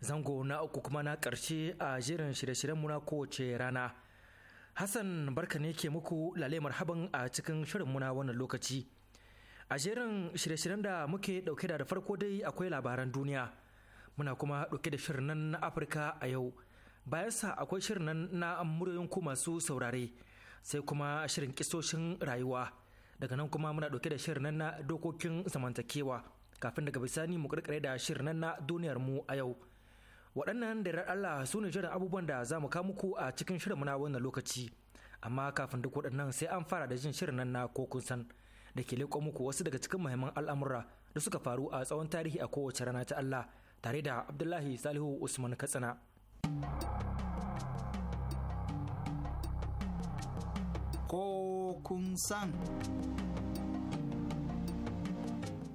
zango na uku kuma na ƙarshe a jerin shirye-shiryenmu na kowace rana. Hassan barka ne ke muku lalemar haban a cikin shirin na wannan lokaci. A jerin shirye-shiryen da muke ɗauke da farko dai akwai labaran duniya. Muna kuma ɗauke da shirin nan na Afirka a yau. Bayan akwai shirin nan na muryoyin ku masu saurare. Sai kuma shirin kisoshin rayuwa. Daga nan kuma muna ɗauke da shirin nan na dokokin zamantakewa. Kafin daga bisani mu karkare da shirin nan na duniyar mu a yau. waɗannan da Allah su ne shirin abubuwan da za mu muku a cikin shirin na wannan lokaci amma kafin duk waɗannan sai an fara da jin shirin nan na ko kun san da ke leƙo muku wasu daga cikin muhimman al'amura da suka faru a tsawon tarihi a kowace rana ta Allah tare da Abdullahi Salihu Usman Katsina. Ko san.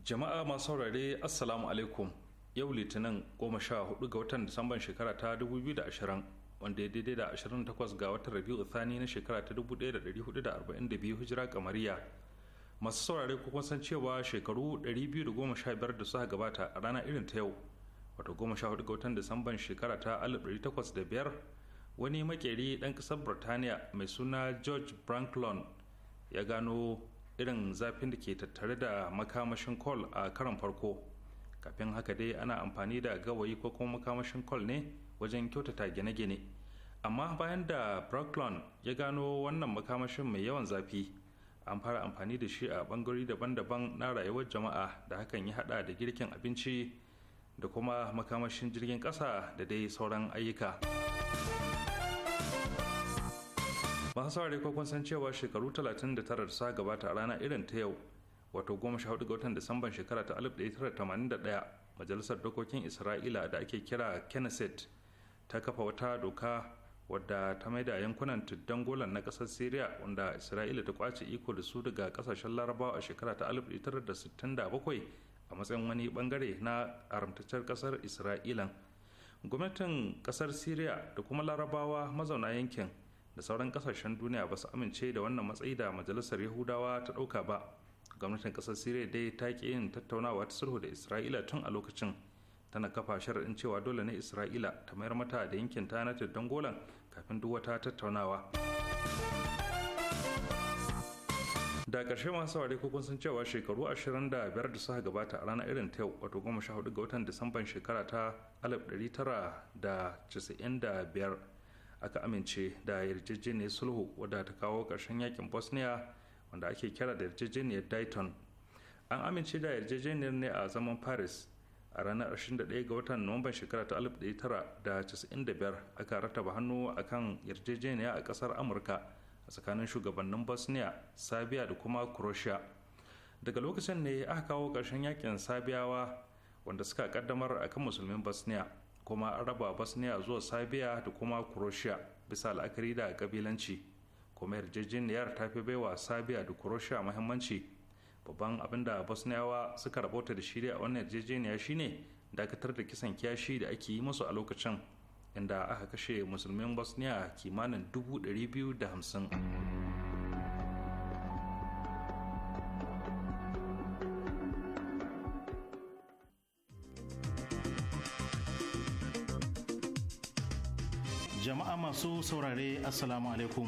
Jama'a masu saurare Assalamu alaikum. yau litinin 14 ga watan disamban shekara ta 2020 wanda ya daidai da 28 ga watan rabiu thani na shekara ta 1442 hijira kamariya masu saurare kuma san cewa shekaru 215 da suka gabata a rana irin ta yau wato 14 ga watan disamban shekara ta 1805 wani makeri ɗan ƙasar birtaniya mai suna george branklon ya gano irin zafin da ke tattare da makamashin kol a karon farko kafin haka dai ana amfani da gawayi ko kuma makamashin kol ne wajen kyautata gine-gine amma bayan da brocklon ya gano wannan makamashin mai yawan zafi an fara amfani da shi a bangarori daban-daban na rayuwar jama'a da hakan ya hada da girkin abinci da kuma makamashin jirgin ƙasa da dai sauran ayyuka. masu saurari ko kun san cewa shekaru 39 da sa gabata a rana irin ta yau wato 14 ga watan disamban shekara ta 1981 majalisar dokokin isra'ila da ake kira kenneset ta kafa wata doka wadda ta maida yankunan tuddan golan na kasar syria wanda isra'ila ta kwace iko da su daga kasashen larabawa a shekara ta 1967 a matsayin wani bangare na haramtaccen kasar isra'ilan gwamnatin kasar syria da kuma larabawa mazauna yankin da sauran kasashen duniya ba su amince da wannan matsayi da majalisar yahudawa ta ɗauka ba gwamnatin kasar siriya dai ta ki yin tattaunawa ta sulhu da isra'ila tun a lokacin tana kafa sharaɗin cewa dole ne isra'ila ta mayar mata da yankin ta na golan kafin duk wata tattaunawa da karshe masu saurari ko kun san cewa shekaru 25 da suka gabata a ranar irin ta yau wato 14 ga watan disamban shekara ta 1995 aka amince da yarjejeniyar sulhu wadda ta kawo karshen yakin bosnia wanda ake kira da yarjejeniyar dayton an amince da yarjejeniyar ne a zaman paris a ranar 21 ga watan nuwamban shekara ta 1995 aka rataba hannu a kan yarjejeniya a kasar amurka a tsakanin shugabannin bosnia sabiya da kuma croatia daga lokacin ne aka kawo ƙarshen yakin sabiyawa wanda suka kaddamar kan musulmin bosnia kuma an raba bosnia zuwa sabiya da kuma croatia bisa la'akari da kabilanci kuma yarjejeniyar ta fi baiwa sabiya da kurosha muhimmanci babban abin da bosniyawa suka rabota da shirya a wannan yarjejeniya shine dakatar da kisan kiyashi da ake yi musu a lokacin inda aka kashe musulmin bosniya kimanin 250 jama'a masu saurare assalamu alaikum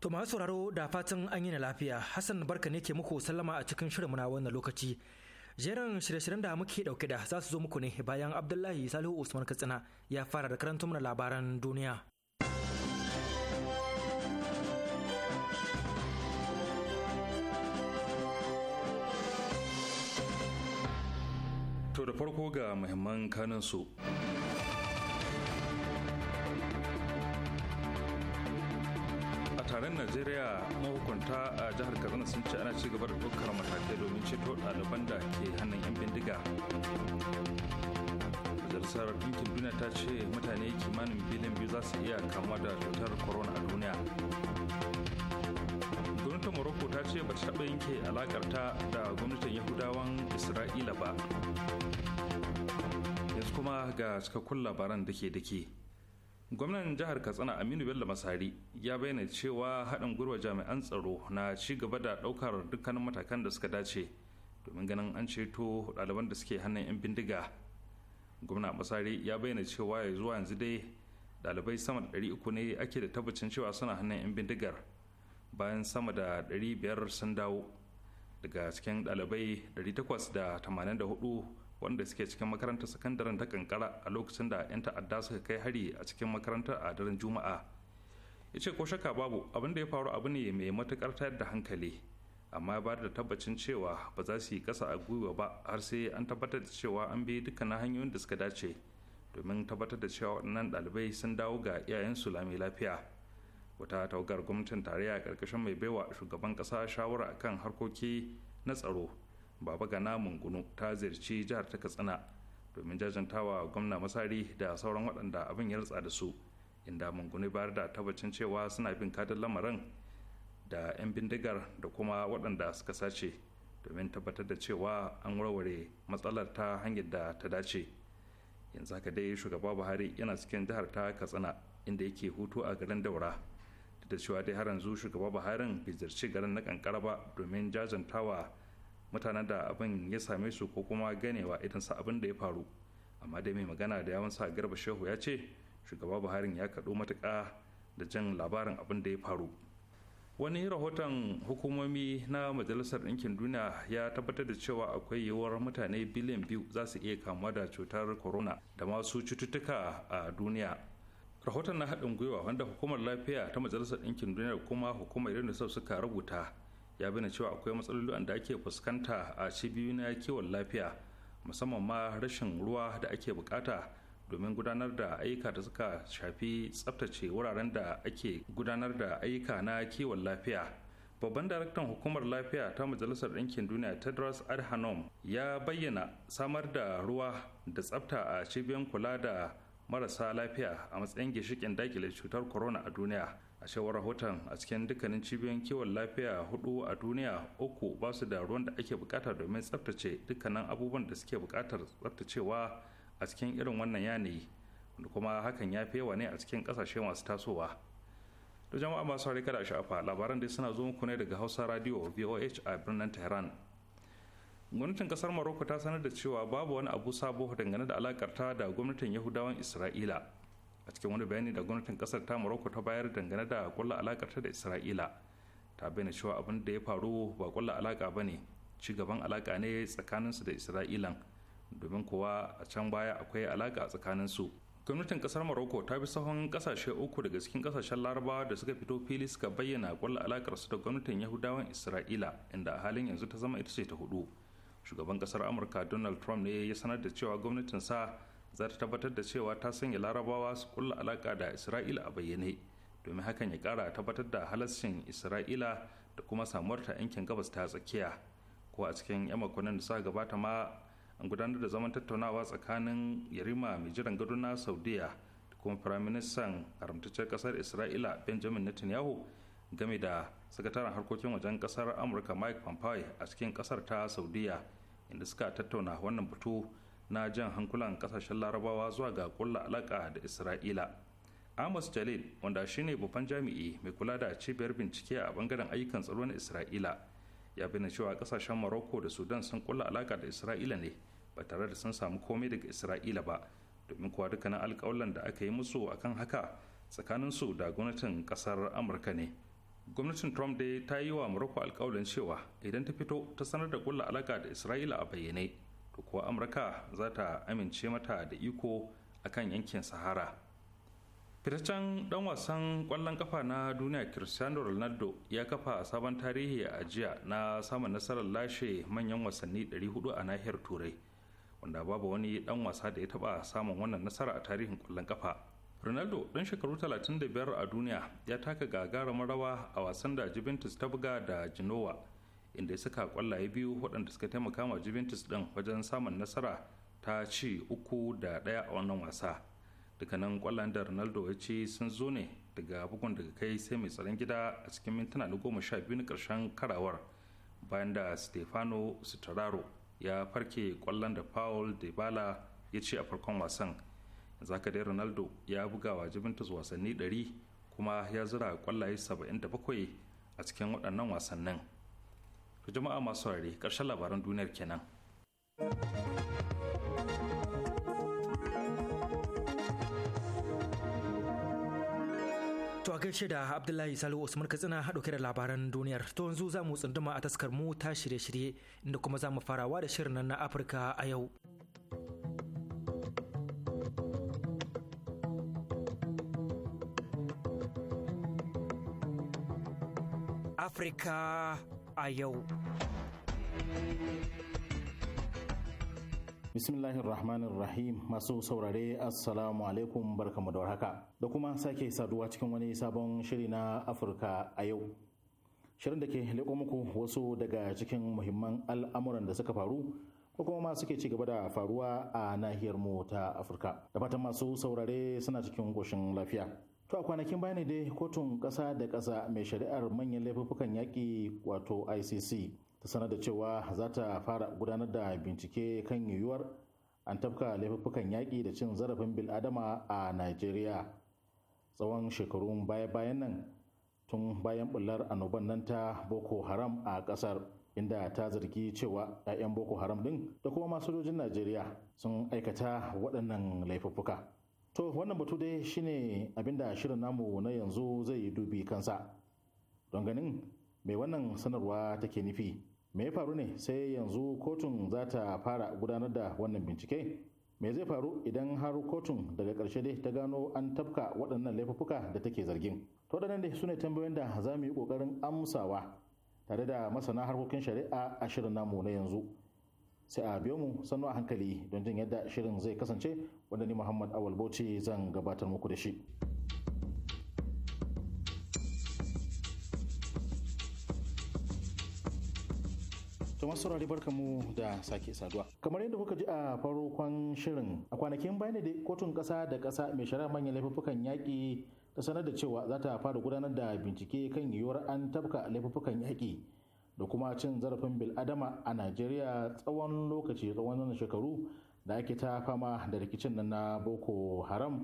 To masu sauraro da fatan an yi na lafiya Hassan barka ne ke muku sallama a cikin shirin na wannan lokaci. Jerin shirye-shiryen da muke dauke da za su zo muku ne bayan Abdullahi Salihu Usman Katsina ya fara da karanta mana labaran duniya. To da farko ga muhimman kanansu su. ta a jihar Kaduna sun ce ana ci gaba da dukkan matakai domin ceto ɗaliban da ke hannun 'yan bindiga majalisar ɗinkin duniya ta ce mutane kimanin biliyan biyu za su iya kama da cutar corona a duniya gwamnatin morocco ta ce ba ta taɓa yanke alaƙar ta da gwamnatin yahudawan isra'ila ba yanzu kuma ga cikakkun labaran dake-dake gwamnan jihar katsina aminu bello masari ya bayyana cewa haɗin gwiwa jami'an tsaro na ci gaba da ɗaukar dukkanin matakan da suka dace domin ganin an ceto ɗaliban da suke hannun 'yan bindiga gwamna masari ya bayyana cewa ya zuwa yanzu dai ɗalibai sama da ɗari uku ne ake da tabbacin cewa suna hannun 'yan bindigar bayan sama da ɗari biyar sun dawo daga cikin ɗalibai ɗari takwas da tamanin da hudu wanda suke cikin makarantar sakandaren ta kankara a lokacin da 'yan ta'adda suka kai hari a cikin makarantar a daren juma'a ya ce ko shaka babu abin da ya faru abu ne mai matukar tayar da hankali amma ba da tabbacin cewa ba za su yi kasa a gwiwa ba har sai an tabbatar da cewa an bi dukkanin hanyoyin da suka dace domin tabbatar da cewa waɗannan ɗalibai sun dawo ga iyayensu lami lafiya wata tawagar gwamnatin tarayya ƙarƙashin mai baiwa shugaban ƙasa shawara akan harkoki na tsaro baba gana mungunu ta ziyarci jihar ta katsina domin jajantawa gwamna masari da sauran waɗanda abin ya rutsa da su inda mungunu bayar da tabbacin cewa suna bin kadin lamarin da 'yan bindigar da kuma waɗanda suka sace domin tabbatar da cewa an warware matsalar ta hanyar da ta dace yanzu haka dai shugaba buhari yana cikin jihar ta katsina inda yake hutu a garin daura da cewa dai har yanzu shugaba buharin bai ziyarci garin na kankara ba domin jajantawa mutanen da abin ya same su ko kuma ganewa idan sa abin da ya faru amma dai mai magana da yawan sa garba shehu ya ce shugaba buharin ya kaɗo matuka da jan labarin abin da ya faru wani rahoton hukumomi na majalisar ɗinkin duniya ya tabbatar da cewa akwai yiwuwar mutane biliyan biyu za su iya kamuwa da cutar corona da masu cututtuka a duniya rahoton na haɗin gwiwa wanda hukumar lafiya ta majalisar ɗinkin duniya kuma hukumar unicef suka rubuta ya bayyana cewa akwai matsaloli da ake fuskanta a cibiyoyi na kiwon lafiya musamman ma rashin ruwa da ake bukata domin gudanar da ayyuka da suka shafi tsaftace wuraren da ake gudanar da ayyuka na kiwon lafiya babban daraktan hukumar lafiya ta majalisar ɗinkin duniya tedros adhanom ya bayyana samar da ruwa da tsabta a cibiyar kula da marasa lafiya a matsayin gishikin dakile cutar corona a duniya a shawar rahoton a cikin dukkanin cibiyoyin kiwon lafiya hudu a duniya uku ba su da ruwan da ake bukata domin tsaftace dukkanin abubuwan da suke bukatar tsaftacewa a cikin irin wannan yanayi wanda kuma hakan ya fi yawa ne a cikin kasashe masu tasowa da jama'a masu harika da sha'afa labaran dai suna zo muku ne daga hausa radio voh a birnin tehran gwamnatin kasar maroko ta sanar da cewa babu wani abu sabo dangane da alakarta da gwamnatin yahudawan isra'ila a cikin wani bayani da gwamnatin kasar ta morocco ta bayar dangane da kulla alakar ta da isra'ila ta bayyana cewa abin da ya faru ba kulla alaka ba ne ci gaban alaka ne tsakaninsu da isra'ilan domin kuwa a can baya akwai alaka tsakaninsu gwamnatin kasar morocco ta bi sahun kasashe uku daga cikin kasashen larabawa da suka fito fili suka bayyana kulla alakar su da gwamnatin yahudawan isra'ila inda a halin yanzu ta zama ita ce ta hudu shugaban kasar amurka donald trump ne ya sanar da cewa gwamnatin sa za ta tabbatar da cewa ta sanya larabawa su kulla alaka da isra'ila a bayyane domin hakan ya kara tabbatar da halassin isra'ila da kuma samuwar ta yankin gabas ta tsakiya ko a cikin yan makonnin da suka gabata ma an gudanar da zaman tattaunawa tsakanin yarima mai jiran gado na saudiya da kuma firaministan haramtaccen kasar isra'ila benjamin netanyahu game da sakataren harkokin wajen kasar amurka mike pompeo a cikin kasar ta saudiya inda suka tattauna wannan batu na jan hankulan kasashen larabawa zuwa ga kulla alaka da isra'ila amos jalil wanda shine babban jami'i mai kula da cibiyar bincike a bangaren ayyukan tsaro na isra'ila ya bayyana cewa kasashen morocco da sudan sun kulla alaka da isra'ila ne ba tare da sun samu komai daga isra'ila ba domin kuwa dukkanin alkawalan da aka yi musu akan haka tsakanin su da gwamnatin kasar amurka ne gwamnatin trump dai ta yi wa morocco alkawalin cewa idan ta fito ta sanar da kulla alaka da isra'ila a bayyane to kuwa amurka za ta amince mata da iko a kan yankin sahara fitaccen dan wasan kwallon kafa na duniya cristiano ronaldo ya kafa sabon tarihi a jiya na samun nasarar lashe manyan wasanni 400 a nahiyar turai wanda babu wani dan wasa da ya taba samun wannan nasara a tarihin kwallon kafa ronaldo dan shekaru 35 a duniya ya taka gagarumin rawa a wasan da juventus ta buga da genoa inda ya saka kwallaye biyu waɗanda suka taimaka ma juventus ɗin wajen samun nasara ta ci uku da ɗaya a wannan wasa nan kwallon da ronaldo ya ci sun zo ne daga bugun daga kai sai mai tsaron gida a cikin mintuna na goma sha biyu na ƙarshen karawar bayan da stefano sutraro ya farke kwallon da paul dybala ya ci a farkon wasan yanzu haka dai ronaldo ya buga wa juventus wasanni 100 kuma ya zura kwallaye 77 a cikin waɗannan wasannin jama'a masu saurare ƙarshen labaran duniyar kenan. To a gaishe da Abdullahi Salihu Usman Katsina haɗauke da labaran duniyar. To yanzu za mu tsunduma a taskar mu ta shirye-shirye inda kuma za mu farawa da shirin nan na Afirka a yau. Afirka a yau. bismillahir rahmanir rahim masu saurare assalamu alaikum barkamu da warhaka da kuma sake saduwa cikin wani sabon shiri na afirka a yau shirin da ke leƙo muku wasu daga cikin muhimman al'amuran da suka faru ko kuma ma suke ci gaba da faruwa a nahiyar mu ta afirka da fatan masu saurare suna cikin ƙoshin lafiya To a kwanakin bayani dai kotun ƙasa da ƙasa mai shari'ar manyan laifukan yaƙi wato ICC ta sanar da cewa za ta fara gudanar da bincike kan yiwuwar an tafka laifukan yaƙi da cin zarafin bil'adama a Najeriya. Tsawon shekarun baya-bayan nan tun bayan bullar annoban nan ta Boko Haram a ƙasar inda ta zargi cewa 'ya'yan Boko Haram ɗin da kuma masu Najeriya sun aikata waɗannan laifuffuka. to wannan batu dai shine abinda shirin namu na yanzu zai yi dubi kansa don ganin mai wannan sanarwa take nufi me ya faru ne sai yanzu kotun za ta fara gudanar da wannan bincike me zai faru idan har kotun daga ƙarshe dai ta gano an tafka waɗannan laifuffuka da take zargin to da nan dai su ne tambayoyin da za mu yi ƙoƙarin amsawa tare da masana harkokin shari'a a shirin namu na yanzu sai a biyo mu sannu a hankali don jin yadda shirin zai kasance wanda ni muhammad awal bauchi zan gabatar muku da shi masu saurari barka mu da sake saduwa kamar yadda kuka ji a farkon shirin a kwanakin bayan da kotun kasa da kasa mai shari'a manyan laifukan yaƙi ta sanar da cewa za ta fara gudanar da bincike kan yiwuwar an tabka laifukan yaƙi da kuma cin zarafin bil'adama a najeriya tsawon lokaci tsawon shekaru da ake ta fama da rikicin nan na boko haram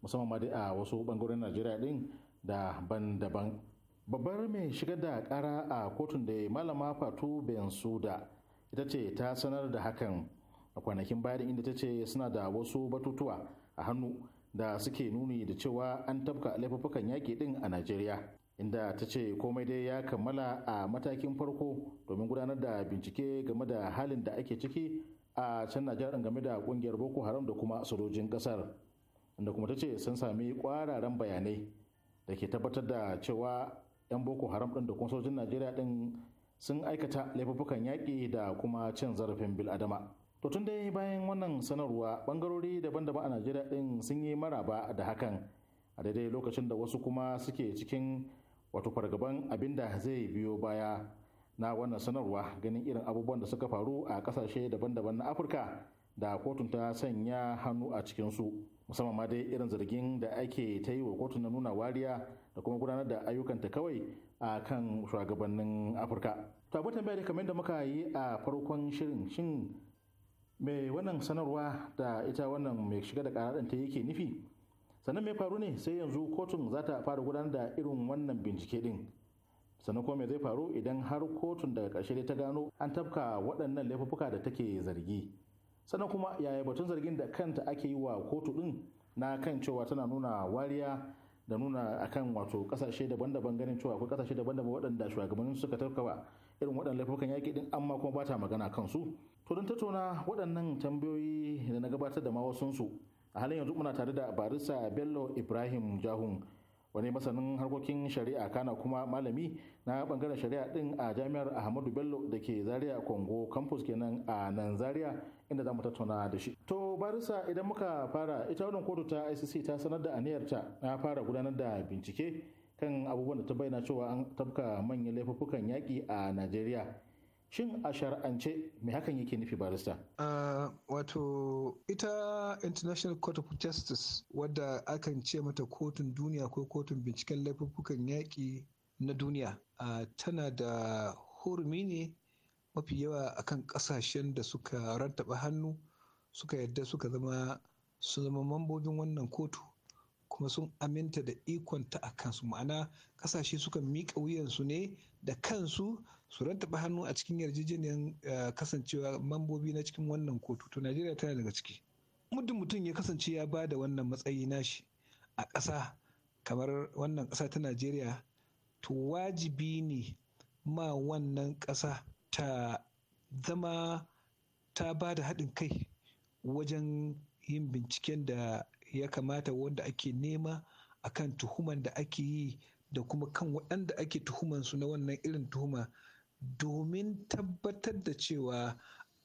musamman ma a wasu bangarorin najeriya din da ban daban babbar mai shigar da kara a kotun da malama fatu bensuda ita ce ta sanar da hakan a kwanakin bayan inda ta ce suna da wasu batutuwa a hannu da suke nuni da cewa an tabka laifuffukan yaƙi din a najeriya inda ta ce komai dai ya kammala a matakin farko domin gudanar da bincike game da halin da ake ciki a can najeriya game da kungiyar boko haram da kuma sojojin kasar inda kuma ta ce sun sami kwararan bayanai da ke tabbatar da cewa 'yan boko haram din da kuma sojojin najeriya din sun aikata laifukan yaƙi da kuma cin zarafin biladama to tun dai bayan wannan sanarwa bangarori daban-daban a najeriya din sun yi maraba da hakan a daidai lokacin da wasu kuma suke cikin wato fargaban abin da zai biyo baya na wannan sanarwa ganin irin abubuwan da suka faru a kasashe daban-daban na afirka da kotun ta sanya hannu a cikinsu musamman ma dai irin zargin da ake ta yi wa kotun na nuna wariya da kuma gudanar da ayyukanta kawai a kan shugabannin afirka to abu tambaya da kamar da muka yi a farkon shirin shin mai wannan sanarwa da ita wannan mai shiga da karaɗin ta yake nufi sannan mai faru ne sai yanzu kotun za ta fara gudanar da irin wannan bincike din sannan kuma me zai faru idan har kotun daga ƙarshe ta gano an tafka waɗannan laifuffuka da take zargi sannan kuma yaya batun zargin da kanta ake yi wa kotu din na kan cewa tana nuna wariya da nuna akan wato kasashe daban-daban ganin cewa akwai kasashe daban-daban waɗanda shugabannin suka tafka irin waɗannan laifukan yaƙi din amma kuma ba ta magana kansu to don tattauna waɗannan tambayoyi da na gabatar da ma wasunsu a halin yanzu muna tare da barisa bello ibrahim jahun wani masanin harkokin shari'a kana kuma malami na bangaren shari'a din a jami'ar ahmadu bello da ke zaria congo campus kenan a nan zaria inda za mu tattauna da shi to barisa idan muka fara ita wannan kotu ta icc ta sanar da aniyarta na fara gudanar da bincike kan abubuwan da ta bayyana cewa an tabka manyan laifuffukan yaƙi a najeriya Shin a shari'ance mai hakan yake nufi barista? Uh, wato ita International Court of Justice wadda akan ce mata kotun duniya ko kotun binciken laifuffukan yaƙi na duniya uh, tana da hurumi ne mafi yawa akan ƙasashen da suka rattaba hannu suka yadda suka zama su zama mambobin wannan kotu kuma sun aminta da ikonta a kansu ma'ana ƙasashe suka miƙa wuyansu ne da kansu su rattaba hannu a cikin yarjejeniyar eh, kasancewa mambobi na cikin wannan kotu to najeriya tana daga ciki muddin mutum ya kasance ya ba da wannan matsayi nashi a ƙasa kamar wannan ƙasa ta najeriya to wajibi ne ma wannan ƙasa ta zama ta ba da haɗin kai wajen yin binciken da ya kamata wanda ake nema akan tuhuman da ake yi da kuma kan waɗanda ake tuhumar su na wannan irin tuhuma domin tabbatar da cewa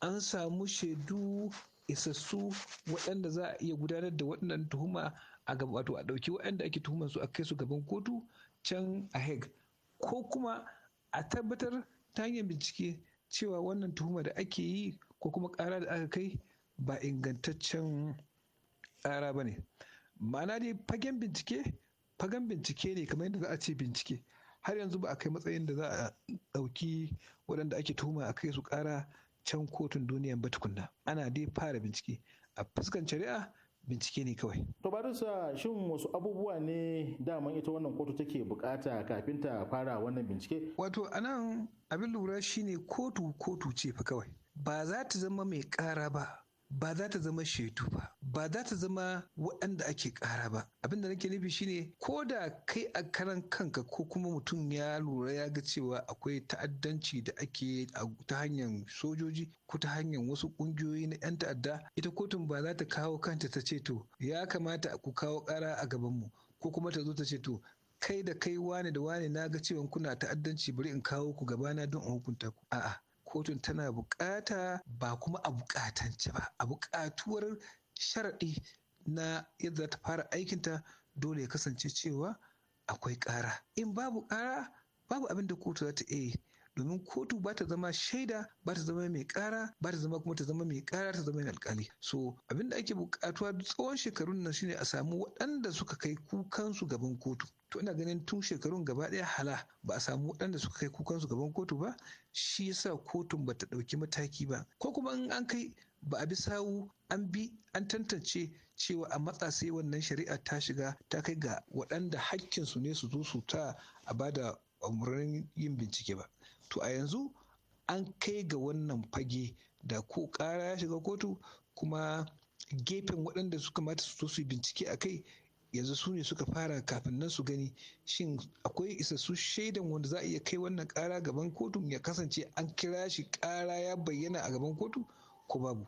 an samu shaidu isassu waɗanda za a iya gudanar da waɗannan tuhuma a wato a ɗauki waɗanda ake tuhumar su a kai su gaban kotu can a hague ko kuma a tabbatar ta hanyar bincike cewa wannan tuhuma da ake yi ko kuma ƙara da aka kai ba ingantaccen ƙara ba ne ma'ana dai fagen bincike fagen bincike ne kamar yadda za a ce bincike har yanzu ba a kai matsayin da za a ɗauki waɗanda ake tuhuma a kai su ƙara can kotun duniyan ba tukunna ana dai fara bincike a fuskan shari'a bincike ne kawai. To Barisa shin wasu abubuwa ne daman ita wannan kotu take bukata kafin ta fara wannan bincike? Wato anan abin lura shine kotu kotu ce fa kawai. Ba za ta zama mai ƙara ba ba za ta zama shetu ba ba za ta zama waɗanda ake ƙara ba abin da nake nufi shine ko da kai a karan kanka ko kuma mutum ya lura ya ga cewa akwai ta'addanci da ake ta hanyar sojoji ko ta hanyar wasu ƙungiyoyi na 'yan ta'adda ita kotun ba za ta kawo kanta ta ce to ya kamata ku kawo ƙara a gabanmu ko kuma ta zo ta ce to kai da kai wane da wane na ga cewa kuna ta'addanci bari in kawo ku gabana don in hukunta ku a'a kotun tana bukata ba kuma a bukatance ba a bukatuwar sharaɗi na yadda za ta fara aikinta dole ya kasance cewa akwai ƙara in babu ƙara babu abin da kotu za ta iya yi. domin kotu ba ta zama shaida ba ta zama mai kara ba ta zama kuma ta zama mai kara ta zama mai alkali so abin da ake bukatuwa tsawon shekarun nan shine a samu waɗanda suka kai kukansu gaban kotu to ina ganin tun shekarun gaba ɗaya hala ba a samu waɗanda suka kai kukansu gaban kotu ba shi yasa kotun ba ta ɗauki mataki ba ko kuma in an kai ba a bi sawu an bi an tantance cewa a matsa sai wannan shari'a ta shiga ta kai ga waɗanda hakkinsu ne su zo su ta a bada umarnin yin bincike ba to a yanzu an kai ga wannan fage da ko ƙara ya shiga kotu kuma gefen waɗanda suka mata su su bincike a kai yanzu su ne suka fara kafin nan su gani shin akwai isassu shaidan wanda za a iya kai wannan ƙara gaban kotu ya kasance an kira shi ƙara ya bayyana a gaban kotu ko babu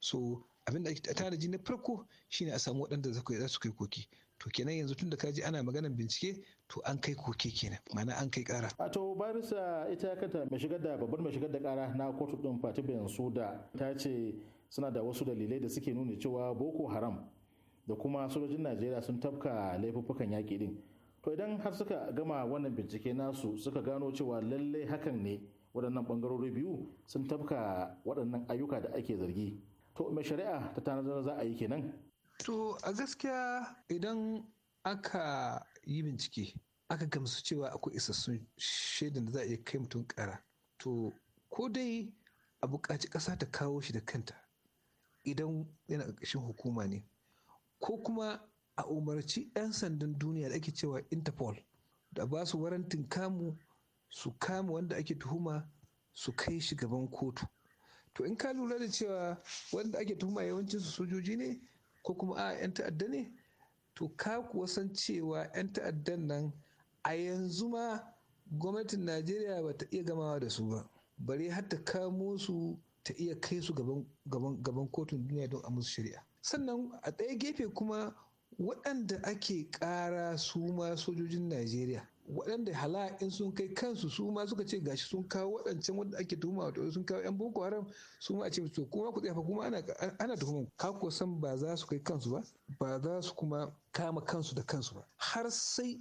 so abin da a tanaji na farko shine a samu waɗanda za su kai koki to kenan yanzu tun da ka ana maganan bincike to an kai koke kenan ma'ana an kai kara a to barisa ita kanta mai shigar da babbar mai shigar da kara na kotu din Fatima da ta ce suna da wasu dalilai da suke nuna cewa Boko Haram da kuma sojojin Najeriya sun tafka laifuffukan yaƙi din to idan har suka gama wannan bincike nasu suka gano cewa lallai hakan ne waɗannan ɓangarori biyu sun tafka waɗannan ayyuka da ake zargi to mai shari'a ta tanadar za a yi kenan to a gaskiya idan aka yi bincike aka gamsu cewa akwai isassun shaidan da za a iya kai mutum kara to ko dai a buƙaci ƙasa ta kawo shi da kanta idan yana ƙarƙashin hukuma ne ko kuma a umarci 'yan sandan duniya da ake cewa interpol da ba su warantin kamu su kama wanda ake tuhuma su kai shi gaban kotu to in ka lura da cewa wanda ake tuhuma yawancin su sojoji ne ko kuma a 'yan ta'adda ne to ka kuwa san cewa 'yan ta'addan nan a yanzu ma gwamnatin najeriya ba ta iya gamawa da su ba bare har ta kamo su ta iya kai su gaban kotun duniya don a musu shari'a sannan a ɗaya gefe kuma waɗanda ake ƙara su ma sojojin najeriya waɗanda hala in sun kai kansu su ma suka ce gashi sun kawo waɗancan wanda ake tuhuma wato sun kawo yan boko haram su ma a ce to kuma ku tsafa kuma ana ana ka ko san ba za su kai kansu ba ba za su kuma kama kansu da kansu ba har sai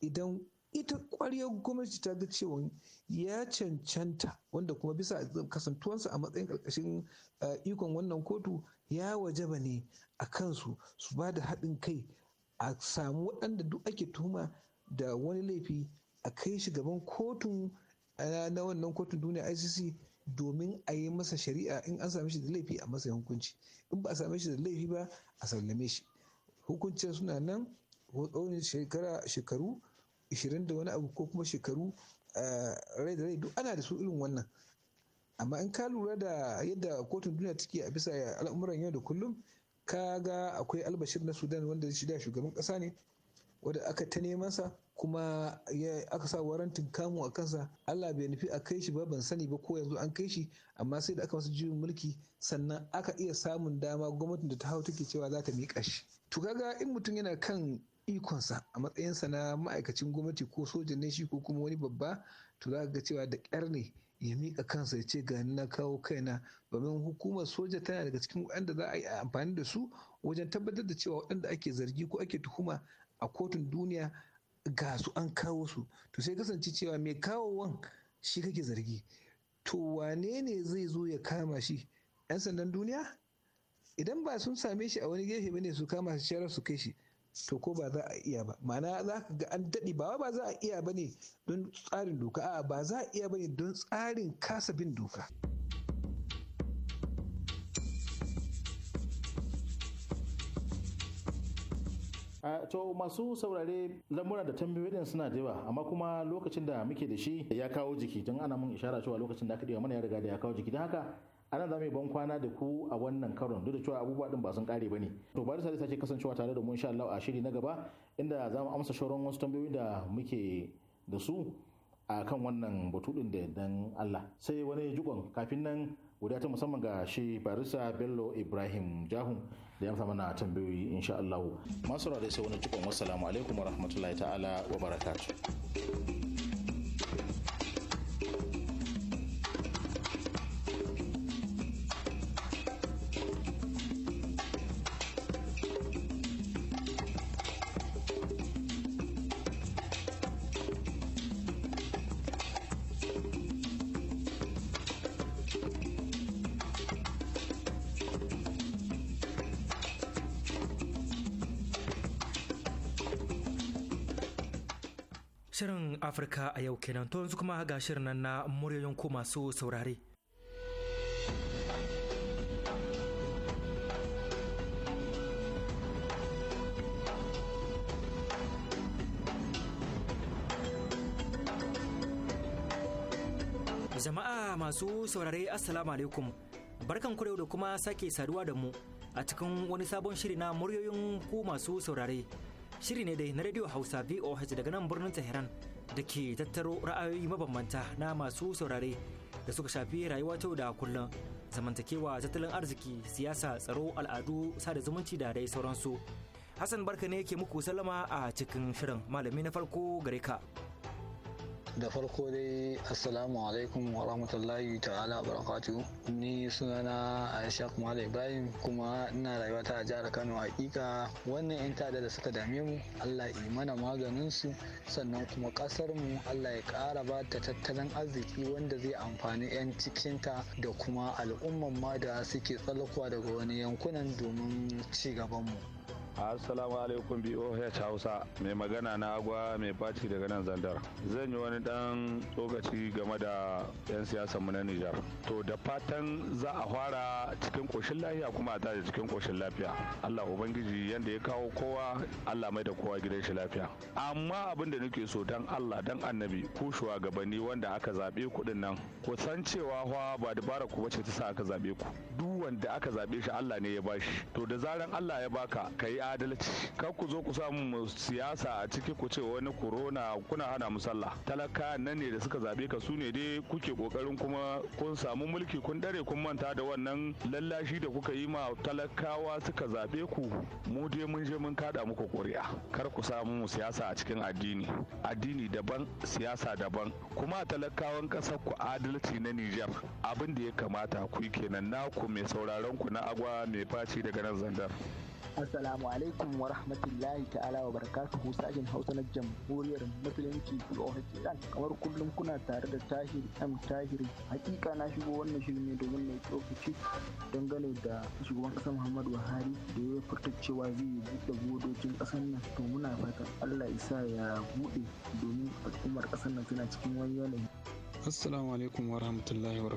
idan ita ƙwaryar gwamnati ta ga cewa ya cancanta wanda kuma bisa kasantuwansa a matsayin ƙarƙashin eh, ikon wannan kotu ya waje ba ne a kansu su ba da haɗin kai a samu waɗanda duk ake tuhuma da wani laifi a kai shi gaban kotun na wannan kotun duniya icc domin a yi masa shari'a in an same shi da laifi a masa hukunci in ba a same shi da laifi ba a sallame shi hukuncin suna nan tsawon shekara shekaru 20 da wani abu ko kuma shekaru rai da rai duk ana da su irin wannan amma in ka lura da yadda kotun duniya take a bisa al'amuran yau da kullum ka ga akwai albashir na sudan wanda shi da shugaban ƙasa ne wanda aka ta neman sa kuma ya aka sa warantin kamu a kansa Allah bai nufi a kai shi ba ban sani ba ko yanzu an kai shi amma sai da aka masa juyin mulki sannan aka iya samun dama gwamnatin da ta hau take cewa za ta miƙa shi to kaga in mutum yana kan ikonsa a matsayinsa na ma'aikacin gwamnati ko sojan ne shi ko kuma wani babba to za ga cewa da ƙyar ne ya miƙa kansa ya ce ga na kawo kaina domin hukumar soja tana daga cikin waɗanda za a yi amfani da su wajen tabbatar da cewa waɗanda ake zargi ko ake tuhuma a kotun duniya ga su an kawo su to sai kasance cewa mai kawowan shi kake zargi to wane ne zai zo ya kama shi 'yan sandan duniya idan ba sun same shi a wani gefe bane su kama shi sharar su kai shi to ko ba za a iya ba ma'ana za ka ga an daɗe ba ba za a iya bane don tsarin doka a'a ba za a iya bane don tsarin kasa bin doka. to masu saurare lamura da tambayoyin suna da yawa amma kuma lokacin da muke da shi ya kawo jiki don ana mun ishara cewa lokacin da aka ɗiba mana ya riga da ya kawo jiki don haka ana za mu ban kwana da ku a wannan karon duk da cewa abubuwa din ba sun kare ba ne to bari sai sake kasancewa tare da mu insha Allah a shiri na gaba inda za mu amsa shauran wasu tambayoyi da muke da su a kan wannan batu din da dan Allah sai wani jikon kafin nan guda ta musamman ga shi barisa bello ibrahim jahun da ya mana tambayoyi insha Allah masu sai wani cikon wassalamu alaikum wa rahmatullahi ta'ala wa barakatuh Afirka a yau kenan to yanzu kuma ga shirin nan na muryoyin ku masu saurare. Jama'a masu saurare Assalamu alaikum barkan kurewa da kuma sake saduwa da mu a cikin wani sabon shiri na muryoyin ku masu saurare. Shiri ne dai na Radio Hausa VOH daga nan birnin Tehran. da ke tattaro ra'ayoyi mabambanta na masu saurare da suka shafi rayuwa ta da kullum zamantakewa tattalin arziki siyasa tsaro al'adu sada zumunci da dai sauransu hassan barka ne ke muku salama a cikin shirin malami na farko gare ka da farko dai assalamu alaikum wa rahmatullahi ta'ala wa barakatu ni sunana aisha kuma ibrahim kuma ina rayuwa ta a jihar kano hakika wannan yan tada da suka dame mu allah yi mana maganin su sannan kuma kasar mu allah ya kara ba ta tattalin arziki wanda zai amfani yan cikinta da kuma al'umman ma da suke tsallakuwa daga wani yankunan domin ci gaban mu assalamu alaikum boh hausa mai magana na agwa mai baci daga nan zandar zan yi wani dan lokaci game da 'yan mu na nijar to da fatan za a fara cikin koshin lafiya kuma a tashi cikin koshin lafiya allah ubangiji yadda ya kawo kowa allah mai da kowa gidan shi lafiya amma abin da nake so dan allah dan annabi ku shugabanni wanda aka zaɓe kuɗin nan ku san cewa fa ba dabara ku bace ta sa aka zaɓe ku duk wanda aka zaɓe shi allah ne ya bashi to da zaran allah ya baka ka adalci kar ku zo ku samu siyasa a ciki ku ce wani corona kuna hana mu sallah talaka nan ne da suka zabe ka su ne dai kuke kokarin kuma kun samu mulki kun dare kun manta da wannan lallashi da kuka yi ma talakawa suka zabe ku mu dai mun je mun kada muku kuri'a kar ku sa mu siyasa a cikin addini addini daban siyasa daban kuma talakawan kasar ku adalci na Nijar abin da ya kamata ku kenan naku mai sauraron ku na agwa mai faci daga nan zandar. Assalamu alaikum wa rahmatullahi ta'ala wa barakatuhu sashen Hausa na Jamhuriyar Musulunci BOH Iran. Kamar kullum kuna tare da Tahir M Tahiri. Hakika na shigo wannan shirin ne domin mai tsokaci dangane da shugaban kasa muhammad Buhari da ya furta cewa zai yi buɗe bodojin ƙasar nan. To muna fata Allah isa ya buɗe domin al'ummar ƙasar nan suna cikin wani yanayi. assalamu alaikum wa rahmatullahi wa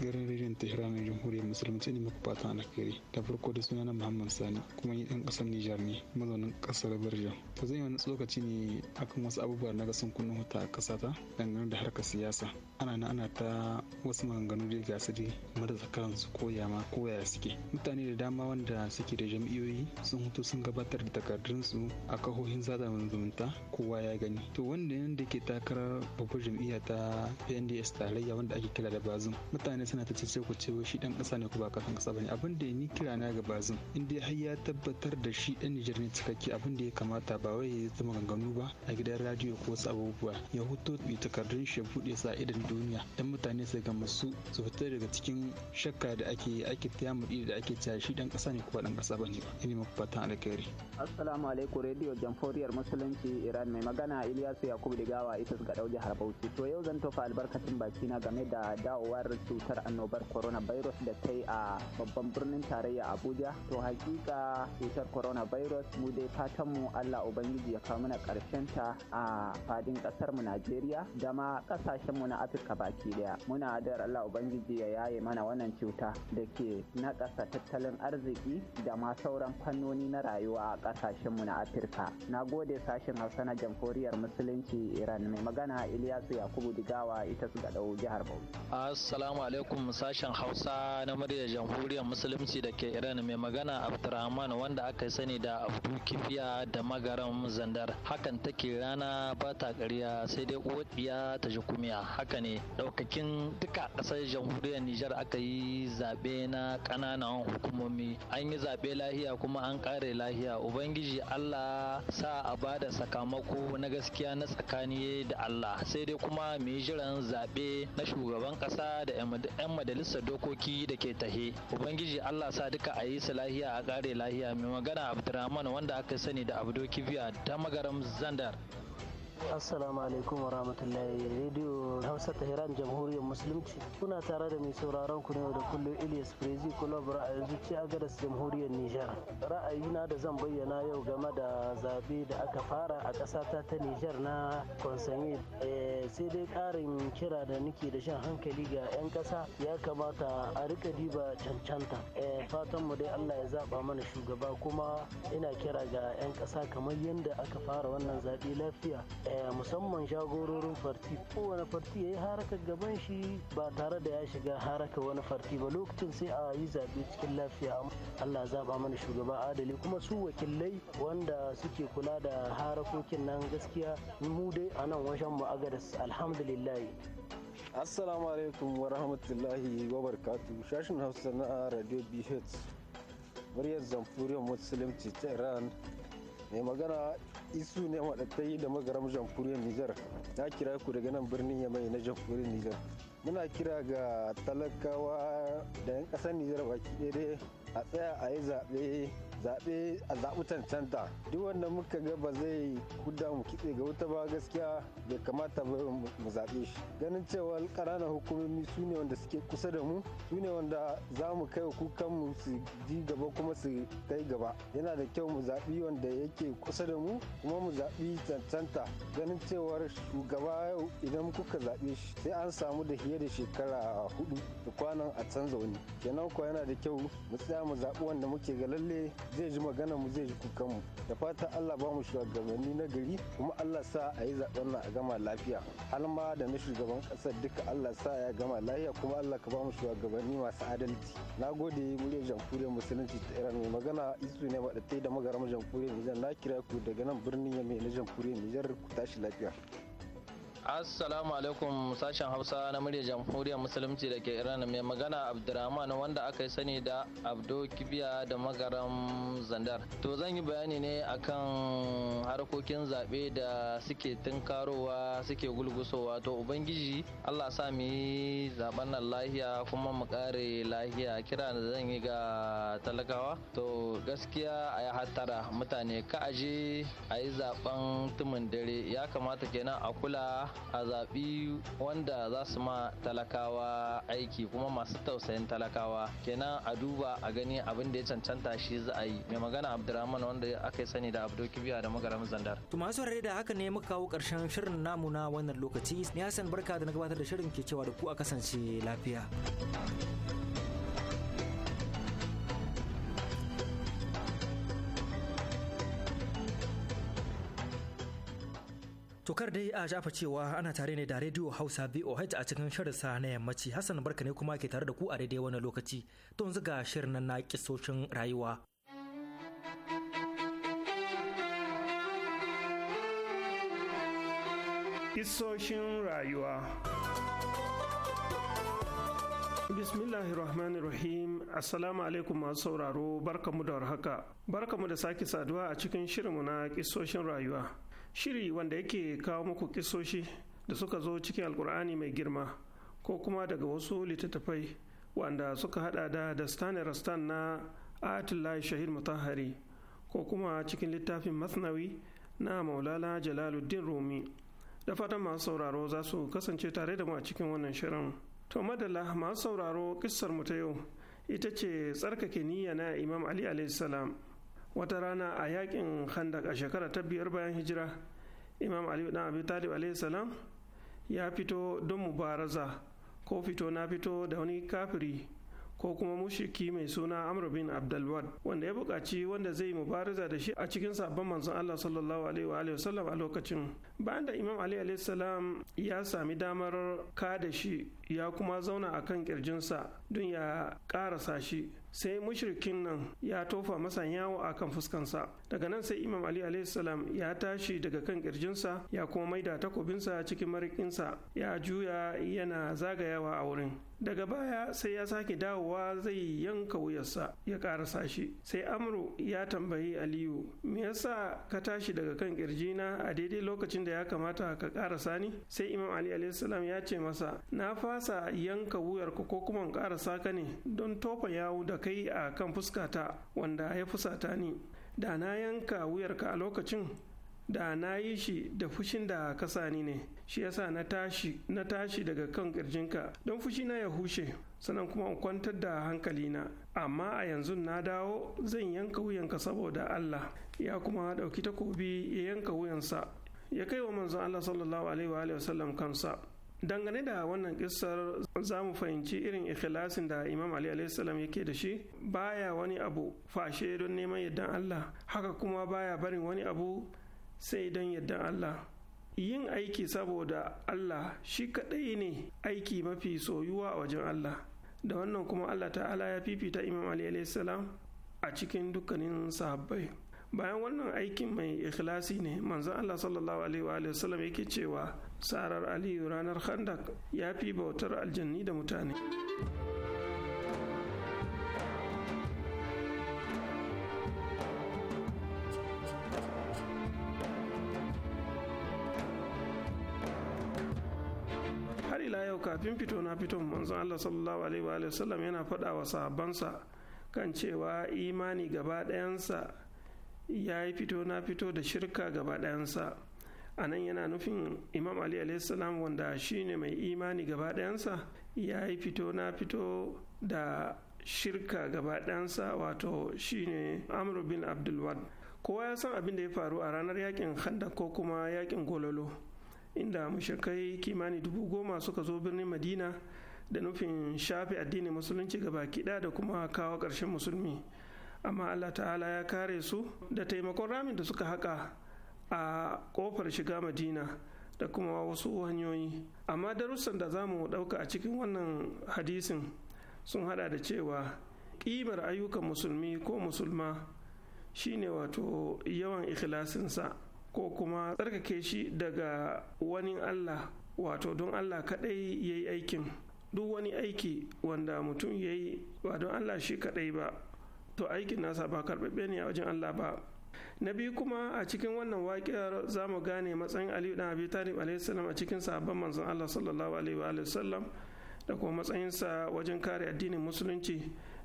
garin rediyon tehran na jamhuriyar musulunci ne muku fata na kare da farko da sunana muhammad sani kuma ni dan kasar nijar ne mazaunin kasar birja to zan yi wani tsokaci ne akan wasu abubuwa na gasan kunnen huta a kasata dangane da harkar siyasa ana na ana ta wasu maganganu da gasa dai marasa kansu ko yama ko yaya suke mutane da dama wanda suke da jam'iyyoyi sun hutu sun gabatar da takardunsu a kahohin sada zumunta kowa ya gani to wanda yanda ke takarar babbar jam'iyya ta PNDS tarayya wanda ake kira da bazum mutane suna ta cece ku cewa shi dan kasa ne ko ba kasan kasa bane abin da ni kira na ga bazum in dai har ya tabbatar da shi dan Nijar ne cikakke abin da ya kamata ba wai ya zama ganganu ba a gidan radio ko wasu abubuwa ya huta bi takardun shi ya bude sa idan duniya dan mutane su ga su su fita daga cikin shakka da ake ake mu da ake cewa shi dan kasa ne ko ba dan kasa bane ba ina muku fatan alkhairi assalamu alaikum radio jamhuriyar musulunci Iran mai magana Ilyasu Yakubu Digawa ita ga dauji bauchi to yau zan tofa albarkacin baki na game da dawowar cutar annobar coronavirus da ta yi a babban birnin tarayya abuja to hakika cutar coronavirus mu dai fatan mu allah ubangiji ya kawo mana karshen ta a fadin kasar mu najeriya da ma kasashen mu na afirka baki daya muna adar allah ubangiji ya yaye mana wannan cuta da ke nakasa tattalin arziki da ma sauran fannoni na rayuwa a kasashen mu na afirka na gode sashen hausa na jamhuriyar musulunci iran mai magana iliyasu yakubu digawa tawa ita su gadau jihar Bauchi. Assalamu alaikum sashen Hausa na muryar Jamhuriyar Musulunci da ke Iran mai magana Abdurrahman wanda aka sani da Abdu Kifiya da Magaram Zandar. Hakan take rana ba ta ƙarya sai dai uwa ɗiya ta ji kumiya. Haka ne ɗaukakin duka ƙasar Jamhuriyar Nijar aka yi zaɓe na ƙananan hukumomi. An yi zaɓe lahiya kuma an ƙare lahiya. Ubangiji Allah sa a bada sakamako na gaskiya na tsakani da Allah. Sai dai kuma mai jira lokutan zaɓe na shugaban ƙasa da 'yan majalisar dokoki da ke tahe. Ubangiji Allah sa duka a yi su lahiya a ƙare lahiya mai magana Abdurrahman wanda aka sani da Abdo ta magaram Zandar. assalamu alaikum wa rahmatullahi radio hausa tahiran jamhuriyar musulunci kuna tare da mai sauraron ku ne da kullum ilyas prezi club ce zuciya gadas jamhuriyar nijar ra'ayina da zan bayyana yau game da zabe da aka fara a ƙasata ta nijar na konsanye eh, sai dai ƙarin kira da nake da shan hankali ga 'yan ƙasa ya kamata a rika diba cancanta eh, fatan mu dai allah ya zaba mana shugaba kuma ina kira ga 'yan ƙasa kamar yadda aka fara wannan zaɓe lafiya eh, Eh, musamman shagororin farti kowane farti ya yi harakar gaban shi ba tare da ya shiga haraka wani farti ba lokacin sai a yi zaɓe cikin lafiya allah zaɓa mana shugaba adali kuma su wakilai wanda suke kula da harakokin nan gaskiya mu dai a nan wajen mu agadas alhamdulillah assalamu alaikum wa rahmatullahi wa barkatu shashin hausa na radio bh muryar zamfuriyar musulunci ta iran mai magana isu ne maɗatai da magaram jamhuriyar nijar na kira ku daga nan birnin yamai na jamhuriyar nijar muna kira ga talakawa da 'yan ƙasar nijar baki daidai a tsaya a yi zaɓe zaɓe a zaɓi cancanta duk wanda muka ga ba zai kuda mu kitse ga wuta ba gaskiya bai kamata ba mu zaɓe shi ganin cewa ƙananan hukumomi su ne wanda suke kusa da mu su ne wanda za mu kai kukan mu su ji gaba kuma su kai gaba yana da kyau mu zaɓi wanda yake kusa da mu kuma mu zaɓi cancanta ganin cewar shugaba yau idan kuka zaɓe shi sai an samu da fiye da shekara hudu da kwanan a canza wani kenan kuwa yana da kyau mu tsaya mu zaɓi wanda muke ga lalle zai ji magana mu zai ji kukan mu da fata Allah ba mu shugabanni na gari kuma Allah sa a yi zaben nan a gama lafiya ma da na shugaban kasar duka Allah sa ya gama lafiya kuma Allah ka ba mu shugabanni masu adalci na gode muryar jamhuriyar musulunci ta Iran mai magana isu ne madatai da magaram jamhuriyar Nijar na kira ku daga nan birnin Yamai na jamhuriyar Nijar ku tashi lafiya Assalamu alaikum sashen Hausa na murya jamhuriyar musulunci da ke Iran mai magana Abdurrahman wanda aka yi sani da Abdo Kibiya da magaram Zandar. To zan yi bayani ne akan harkokin zaɓe da suke tunkarowa suke gulgusowa to Ubangiji Allah sa mu yi zaɓen nan lahiya kuma mu ƙare lahiya kira da zan yi ga talakawa. To gaskiya a yi hattara mutane ka aje a yi zaɓen tumin dare ya kamata kenan a kula a zaɓi wanda za su ma talakawa aiki kuma masu tausayin talakawa kenan a duba a gani abin da ya cancanta shi za a yi mai magana abdurrahman wanda aka yi sani da abdo kibiya da magaram zandar to masu rare da haka ne muka kawo karshen shirin namu na wannan lokaci ni san barka da na gabatar da shirin ke cewa da ku a kasance lafiya Tokar dai a shafa cewa ana tare ne da Radio Hausa VOH a cikin shirinsa na yammaci. Hassan barka ne kuma ke tare da ku a daidai wani lokaci. To yanzu ga shirin na kisoshin rayuwa. Kisoshin rayuwa. Bismillahirrahmanirrahim Assalamu alaikum masu sauraro barkamu da warhaka. Barkamu da sake saduwa a cikin shirinmu na kisoshin rayuwa. shiri wanda yake kawo muku kisoshi da suka zo cikin alkur'ani mai girma ko kuma daga wasu littattafai wanda suka hada da da rastan na atullahi shahid mutahari ko kuma cikin littafin masnawi na maulana jalaluddin rumi da fatan masu sauraro za su kasance tare da mu a cikin wannan shirin to madalla masu sauraro kissar mu ta yau ita ce tsarkake niyya na imam ali alaihi salam wata rana a yakin handak a shekara ta biyar bayan hijira imam Ali dan abi talib salam ya fito don mubaraza ko fito na fito da wani kafiri ko kuma mushiki mai suna amr bin abdulwad wanda ya buƙaci wanda zai mubaraza da shi a cikin sabon manzon allah sallallahu alaihi wa wasallam a lokacin bayan da imam ali alaihi salam ya sami damar ka da shi ya kuma zauna akan kirjinsa don ya ƙarasa shi sai mushrikin nan ya tofa masa yawo a kan fuskansa daga nan sai imam ali salam ya tashi daga kan kirjinsa ya kuma maida takobinsa cikin marikinsa ya juya yana zagayawa a wurin daga baya sai ya sake dawowa zai yanka wuyarsa ya karasa shi sai amru ya tambayi aliyu me yasa ka tashi daga kan kirjina a daidai lokacin da ya kamata ka karasa ni sai imam ali alaihissalam ya ce masa na fasa yanka wuyarka ko kuma karasa ka ne don tofa yawu da kai a kan fuskata wanda ya fusata ni da na yanka wuyarka a lokacin da na yi shi da fushin da ka sani ne shi yasa na tashi na tashi daga kan kirjinka don fushi na ya hushe sannan kuma in kwantar da hankalina amma a yanzu na dawo zan yanka wuyanka saboda Allah ya kuma ɗauki takobi ya yanka wuyansa ya kai wa manzon Allah sallallahu alaihi wa wasallam kansa dangane da wannan kissar za mu fahimci irin ikhlasin da imam ali salam yake da shi baya wani abu fashe don neman yardan Allah haka kuma baya barin wani abu sai don yadda Allah yin aiki saboda Allah shi kaɗai ne aiki mafi soyuwa a wajen Allah da wannan kuma Allah ta'ala ya fifita Imam Ali salam a cikin dukkanin sahabbai bayan wannan aikin mai ikhlasi ne manzon Allah sallallahu alaihi wa sallam yake cewa sarar Aliyu ranar Khandak ya fi bautar aljanni da mutane. kafin fito na fito manzon Allah sallallahu alaihi wa sallam yana faɗa wa sahabbansa kan cewa imani gaba ɗayansa ya yi fito na fito da shirka gaba ɗayansa a nan yana nufin imam ali salam wanda shine mai imani gaba ɗayansa ya yi fito na fito da shirka gaba ɗayansa wato shine ne bin abdulwad kowa ya san abin da ya faru a ranar yakin handa ko kuma yakin gololo inda mushrikai kimani dubu goma suka zo birnin madina da nufin shafe addinin musulunci gaba kiɗa da kuma kawo ƙarshen musulmi amma allah ta'ala ya kare su da taimakon ramin da suka haƙa a ƙofar shiga madina da kuma wasu hanyoyi amma darussan da za mu ɗauka a cikin wannan hadisin sun haɗa da cewa ƙimar ayyukan musulmi ko musulma shine wato yawan ikhlasinsa ko kuma tsarkake shi daga wani Allah wato don Allah kaɗai ya yi aikin duk wani aiki wanda mutum ya yi ba don Allah shi kaɗai ba to aikin nasa ba karɓaɓɓe ne a wajen Allah ba na biyu kuma a cikin wannan waƙiyar za mu gane matsayin aliyu ɗan abi talib a cikin sabon manzon Allah sallallahu alaihi wa sallam da kuma matsayinsa wajen kare addinin musulunci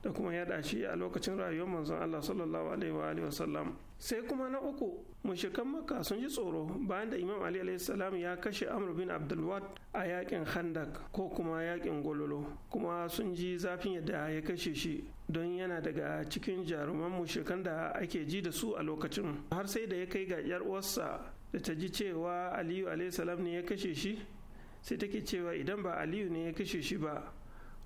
da kuma yada shi a lokacin rayuwar manzon Allah sallallahu alaihi wa sallam sai kuma na uku mushrikan makka sun ji tsoro bayan da imam ali alaihi salam ya kashe amr bin abdulwad a yakin khandak ko kuma yakin gololo kuma sun ji zafin yadda ya kashe shi don yana daga cikin jaruman mushrikan da ake ji da su a lokacin har sai da ya kai ga yar uwarsa da ta ji cewa aliyu alaihi salam ne ya kashe shi sai take cewa idan ba aliyu ne ya kashe shi ba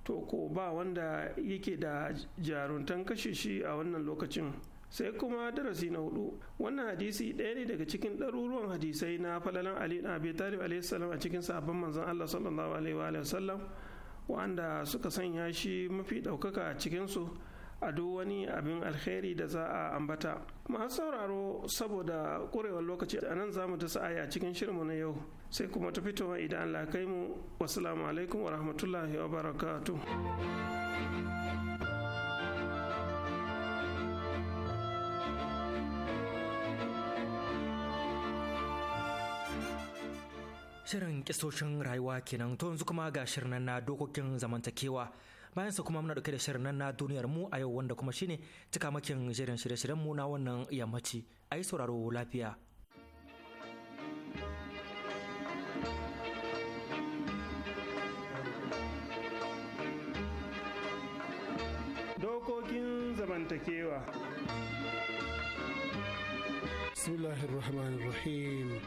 to ko ba wanda yake da jaruntan kashe shi a wannan lokacin sai kuma darasi na hudu wannan hadisi ɗaya ne daga cikin ɗaruruwan hadisai na falalan ali na abi talib alaihi a cikin sabon manzon Allah sallallahu alaihi wa sallam wanda suka sanya shi mafi ɗaukaka a cikin a duk wani abin alkhairi da za a ambata masu sauraro saboda ƙurewar lokaci a nan za mu ta sa'aya cikin shirinmu na yau sai kuma ta fitowa idan Allah kai mu wasalamu alaikum wa rahmatullahi wa barakatu. Shirin kisoshin rayuwa kenan to yanzu kuma ga shirin na dokokin zamantakewa bayansa kuma muna dauke da shirin na duniyar mu a yau wanda kuma shine makin jirin shirye-shiryen mu na wannan yammaci a yi sauraro lafiya. zamantakewa bismillahir rahmanir rahim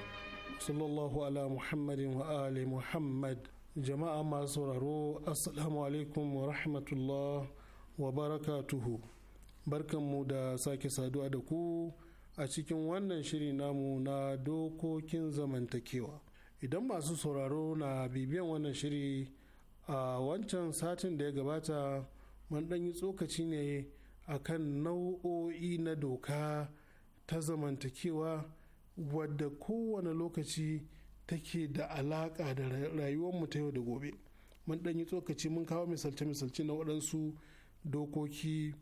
sallallahu ala muhammadin wa ali muhammad jama'a masu sauraro assalamu alaikum wa rahmatullah wa barakatuhu barkanmu da sake saduwa da ku a cikin wannan shiri namu na dokokin zamantakewa idan masu sauraro na bibiyan wannan shiri a wancan satin da ya gabata mun yi tsokaci ne akan nau'o'i na doka ta zamantakewa wadda kowane lokaci take da alaƙa da rayuwarmu ta yau da gobe mun ɗan tsokaci mun kawo misalce-misalce na waɗansu dokoki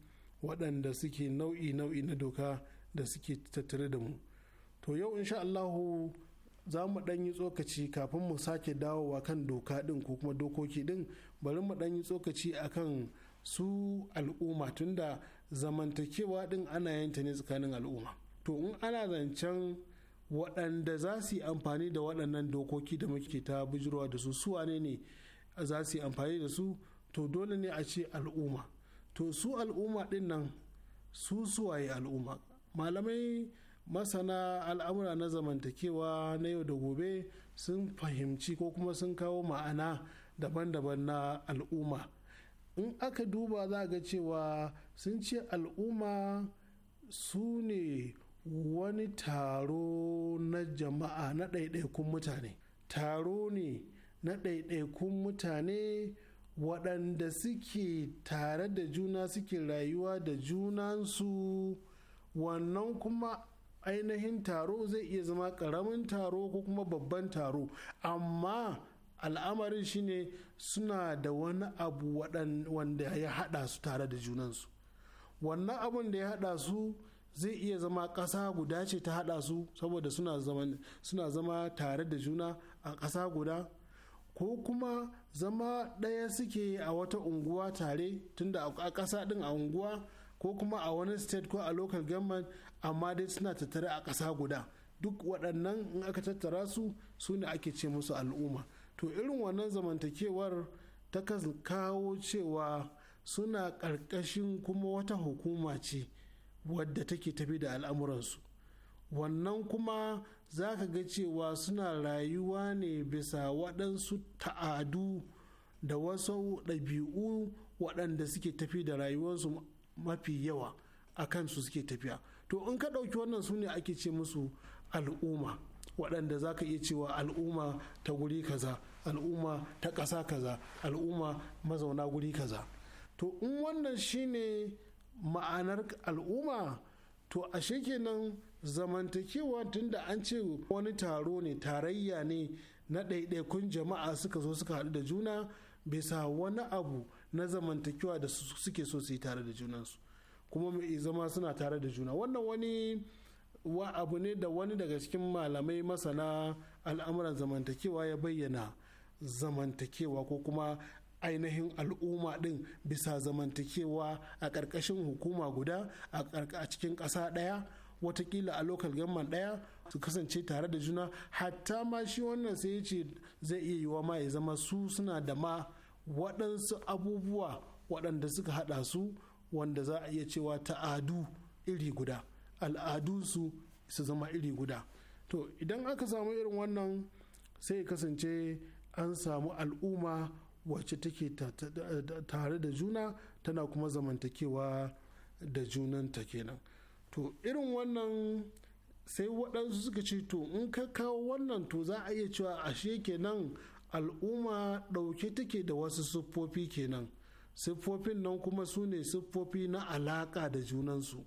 waɗanda suke nau'i-nau'i na doka da suke tattare da mu to yau insha Allahu za mu ɗan tsokaci kafin mu sake dawowa kan doka ɗin ko kuma dokoki ɗin bari mu ɗanyi tsokaci akan su al'umma tunda zamantakewa din ana yanta ne tsakanin al'umma to in ana zancen waɗanda za su yi amfani da waɗannan dokoki da muke ta bujirwa da su su ne ne za su yi amfani da su to dole ne a ce al'umma to su al'umma din nan su suwaye al'umma malamai masana al'amura na zamantakewa na yau da gobe sun fahimci ko kuma sun kawo ma'ana daban-daban na al'umma in aka duba za ga cewa sun ce al'umma su ne wani taro na jama'a na ɗaiɗaikun mutane taro ne na ɗaiɗaikun mutane waɗanda suke tare da juna suke rayuwa da junansu wannan kuma ainihin taro zai iya zama ƙaramin taro ko kuma babban taro amma al'amarin shine suna da wani abu wanda ya hada su tare da junansu wannan abun da ya hada su zai iya zama ƙasa guda ce ta hada su saboda suna zama tare da juna a ƙasa guda ko kuma zama ɗaya suke a wata unguwa tare tunda a ƙasa ɗin a unguwa ko kuma a wani state ko a local government amma dai suna tattare a ƙasa guda duk waɗannan in aka tattara su su ne ake ce musu al'umma to irin wannan zamantakewar ta kan kawo cewa suna ƙarƙashin kuma wata hukuma ce wadda take tafi da al'amuransu wannan kuma za ka ga cewa suna rayuwa ne bisa waɗansu ta'adu da wasu ɗabi'u waɗanda suke tafi da rayuwarsu mafi yawa a kansu suke tafiya to in ka ɗauki wannan su ne ake ce musu al'umma waɗanda za ka iya cewa al'umma ta guri kaza al'umma ta ƙasa kaza al'umma mazauna guri kaza to in wannan shine ma'anar al'umma to ashe kenan zamantakewa tunda an ce wani taro ne tarayya ne na ɗaiɗaikun jama'a suka zo suka haɗu da juna bisa wani abu na zamantakewa da suke so su yi tare da junansu kuma mai zama suna tare da juna wannan wani wa abu ne da wani daga cikin malamai masana al'amuran zamantakewa ya bayyana zamantakewa ko kuma ainihin al'umma ɗin bisa zamantakewa a ƙarƙashin hukuma guda a cikin ƙasa ɗaya watakila a lokal gamman ɗaya su kasance tare da juna hatta ma shi wannan sai ce zai iya yiwa ma ya zama su suna da ma waɗansu abubuwa waɗanda suka haɗa su wanda za a iya cewa ta'adu iri guda al'adunsu su zama iri guda to idan aka samu irin wannan sai kasance an samu al'umma wacce take tare da juna tana kuma zamantakewa da junanta kenan to irin wannan sai waɗansu suka ce to in ka kawo wannan to za a iya cewa ashe kenan al'umma ɗauke take da wasu siffofi kenan siffofin nan kuma su ne siffofi na alaƙa da junansu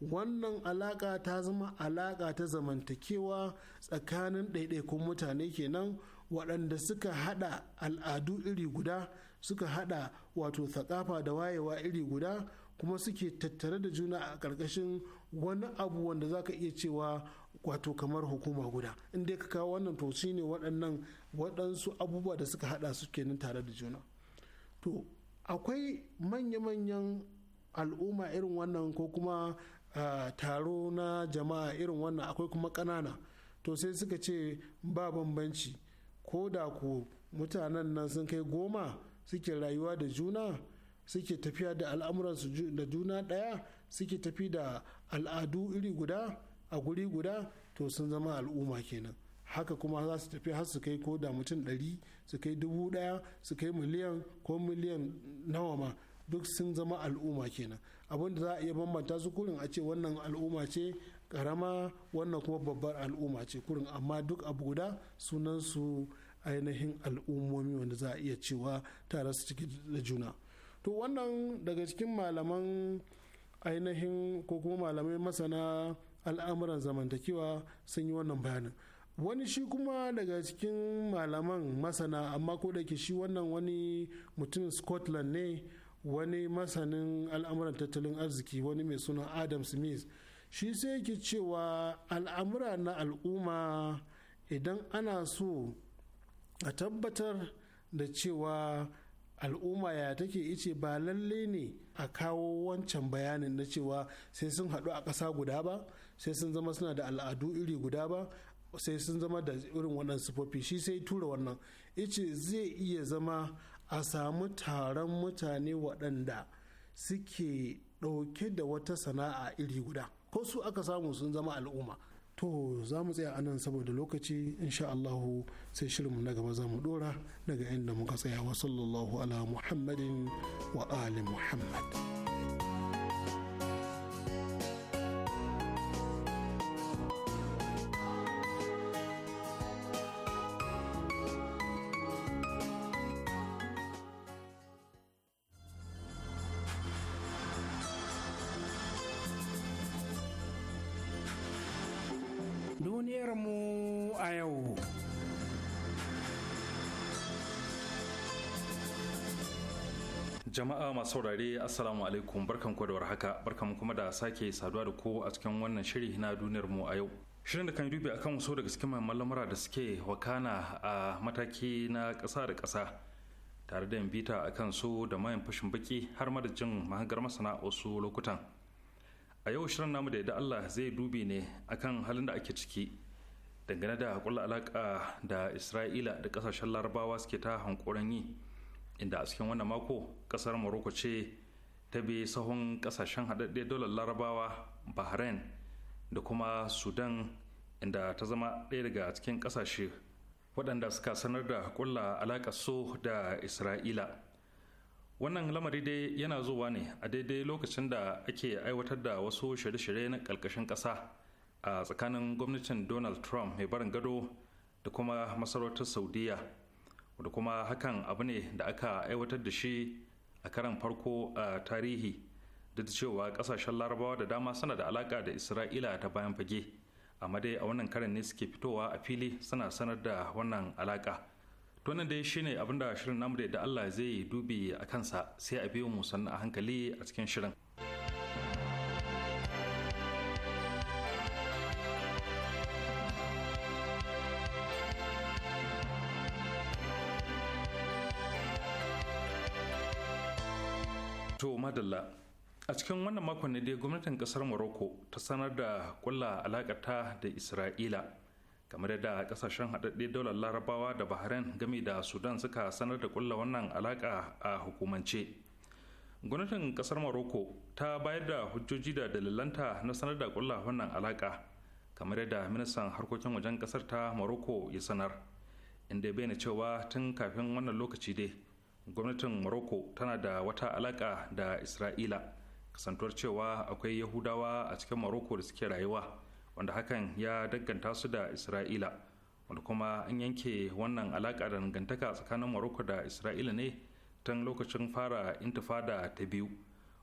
wannan alaƙa ta zama alaƙa ta zamantakewa tsakanin ɗaiɗaikun mutane kenan waɗanda suka haɗa al'adu iri guda suka hada wato thakafa da wayewa iri guda kuma suke tattare da juna a ƙarƙashin wani abu wanda za ka iya cewa wato kamar hukuma guda in dai ka kawo wannan to shi ne waɗannan waɗansu abubuwa da suka haɗa su kenan tare da juna to akwai manya-manyan al'umma irin wannan ko kuma taro na jama'a irin wannan akwai kuma ƙanana to sai suka ce ba bambanci ko da ku mutanen nan sun kai goma suke rayuwa da juna suke tafiya da al'amuransu da juna ɗaya suke tafi da al'adu iri guda a guri guda to sun zama al'umma kenan haka kuma za su tafi har su kai ko da mutum ɗari su kai dubu ɗaya su kai miliyan ko miliyan nawa ma duk sun zama al'umma kenan abin da za a iya bambanta su kurin a ce wannan al'umma ce karama wannan kuma babbar al'umma ce kurin amma duk abu guda sunan su ainihin al'ummomi wanda za a iya cewa tare su ciki da juna to wannan daga cikin malaman ainihin ko kuma malamai masana al'amuran zamantakewa sun yi wannan bayanin wani shi kuma daga cikin malaman masana amma ko da ke shi wannan wani mutumin scotland ne wani masanin al'amuran tattalin arziki wani mai suna adam smith shi sai yake cewa al'amura na al'umma idan ana so a tabbatar da cewa al'umma ya take ice ba lalle ne a kawo wancan bayanin na cewa sai sun haɗu a ƙasa guda ba sai sun zama suna da al'adu iri guda ba sai sun zama da irin wannan sufofi shi sai tura wannan ice zai iya zama a samu taron mutane waɗanda suke ɗauke da wata sana'a iri guda ko su aka samu sun zama al'umma to za mu tsaya anan saboda lokaci insha Allahu sai shirinmu na gaba za mu dora daga inda muka tsaya wa sallallahu ala muhammadin wa ali muhammad masu saurare assalamu alaikum barkan ku da warhaka barkan kuma da sake saduwa da ku a cikin wannan shiri na duniyar mu a yau shirin da kan dubi akan wasu daga cikin mahimman lamura da suke wakana a mataki na ƙasa da ƙasa tare da bita akan su da mayan fashin baki har ma da jin mahangar masana wasu lokutan a yau shirin namu da yadda Allah zai dubi ne akan halin da ake ciki dangane da kulla alaka da Isra'ila da ƙasashen larabawa suke ta hankoran yi inda a cikin wannan mako kasar morocco ce ta bi sahun kasashen haɗaɗɗe dolar larabawa bahrain da kuma sudan inda ta zama ɗaya daga cikin ƙasashe waɗanda suka sanar da kulla alaƙa so da isra'ila wannan lamari dai yana zuwa ne a daidai lokacin da ake aiwatar da wasu shirye-shirye na ƙarƙashin ƙasa a tsakanin gwamnatin donald trump mai barin gado da kuma masarautar saudiya wanda kuma hakan abu ne da aka aiwatar da shi a karan farko a tarihi duk da cewa kasashen larabawa da dama suna da alaka da isra'ila ta bayan fage amma dai a wannan karan ne suke fitowa a fili suna sanar da wannan alaka to nan dai shine abinda shirin namu da Allah zai dubi a kansa sai a biyo mu sannan a hankali a cikin shirin cikin wannan makon ne dai gwamnatin kasar morocco ta sanar da kulla alakata da isra'ila kamar da kasashen haɗaɗɗe daular larabawa da bahrain game da sudan suka sanar da kulla wannan alaƙa a hukumance gwamnatin kasar morocco ta bayar da hujjoji da dalilanta na sanar da kulla wannan alaka kamar yadda ministan harkokin wajen kasar ta morocco ya sanar inda bayyana cewa tun kafin wannan lokaci dai gwamnatin morocco tana da wata alaƙa da isra'ila kasantuwar cewa akwai yahudawa a cikin maroko da suke rayuwa wanda hakan ya danganta su da isra'ila wanda kuma an yanke wannan alaƙa da dangantaka tsakanin maroko da isra'ila ne tun lokacin fara intifada ta biyu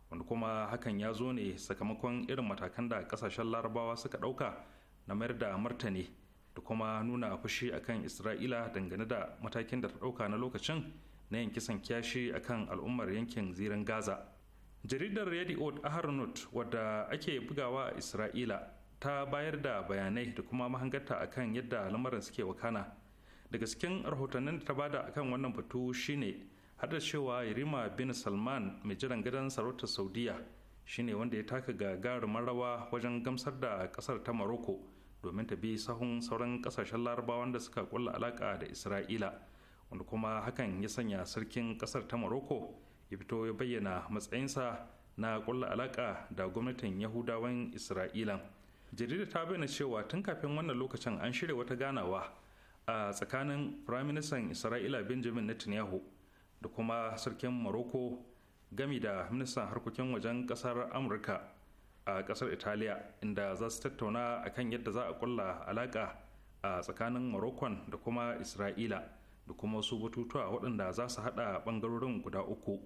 wanda kuma hakan ya zo ne sakamakon irin matakan da kasashen larabawa suka ɗauka na mayar da martani da kuma nuna fushi akan isra'ila dangane da matakin da ta ɗauka na lokacin na yin kisan kiyashi akan al'ummar yankin zirin gaza jaridar yadiot aharnot wadda ake bugawa a isra'ila ta bayar da bayanai da kuma mahangata akan yadda lamarin suke wakana daga cikin rahotannin da ta bada akan wannan batu shine har da cewa yarima bin salman mai jiran gidan sarautar saudiya shine wanda ya taka gagarumin rawa wajen gamsar da kasar ta maroko domin ta bi sahun sauran kasashen larabawan da suka kulla alaka da isra'ila wanda kuma hakan ya sanya sarkin kasar ta maroko ya fito ya bayyana matsayinsa na kulla alaka da gwamnatin yahudawan isra'ila jarida ta bayyana cewa tun kafin wannan lokacin an shirya wata ganawa a tsakanin firaministan isra'ila benjamin netanyahu da kuma sarkin morocco gami da ministan harkokin wajen kasar amurka a kasar italiya inda za su tattauna akan yadda za a kulla alaka a tsakanin marokon da kuma isra'ila da kuma wasu batutuwa waɗanda za su haɗa ɓangarorin guda uku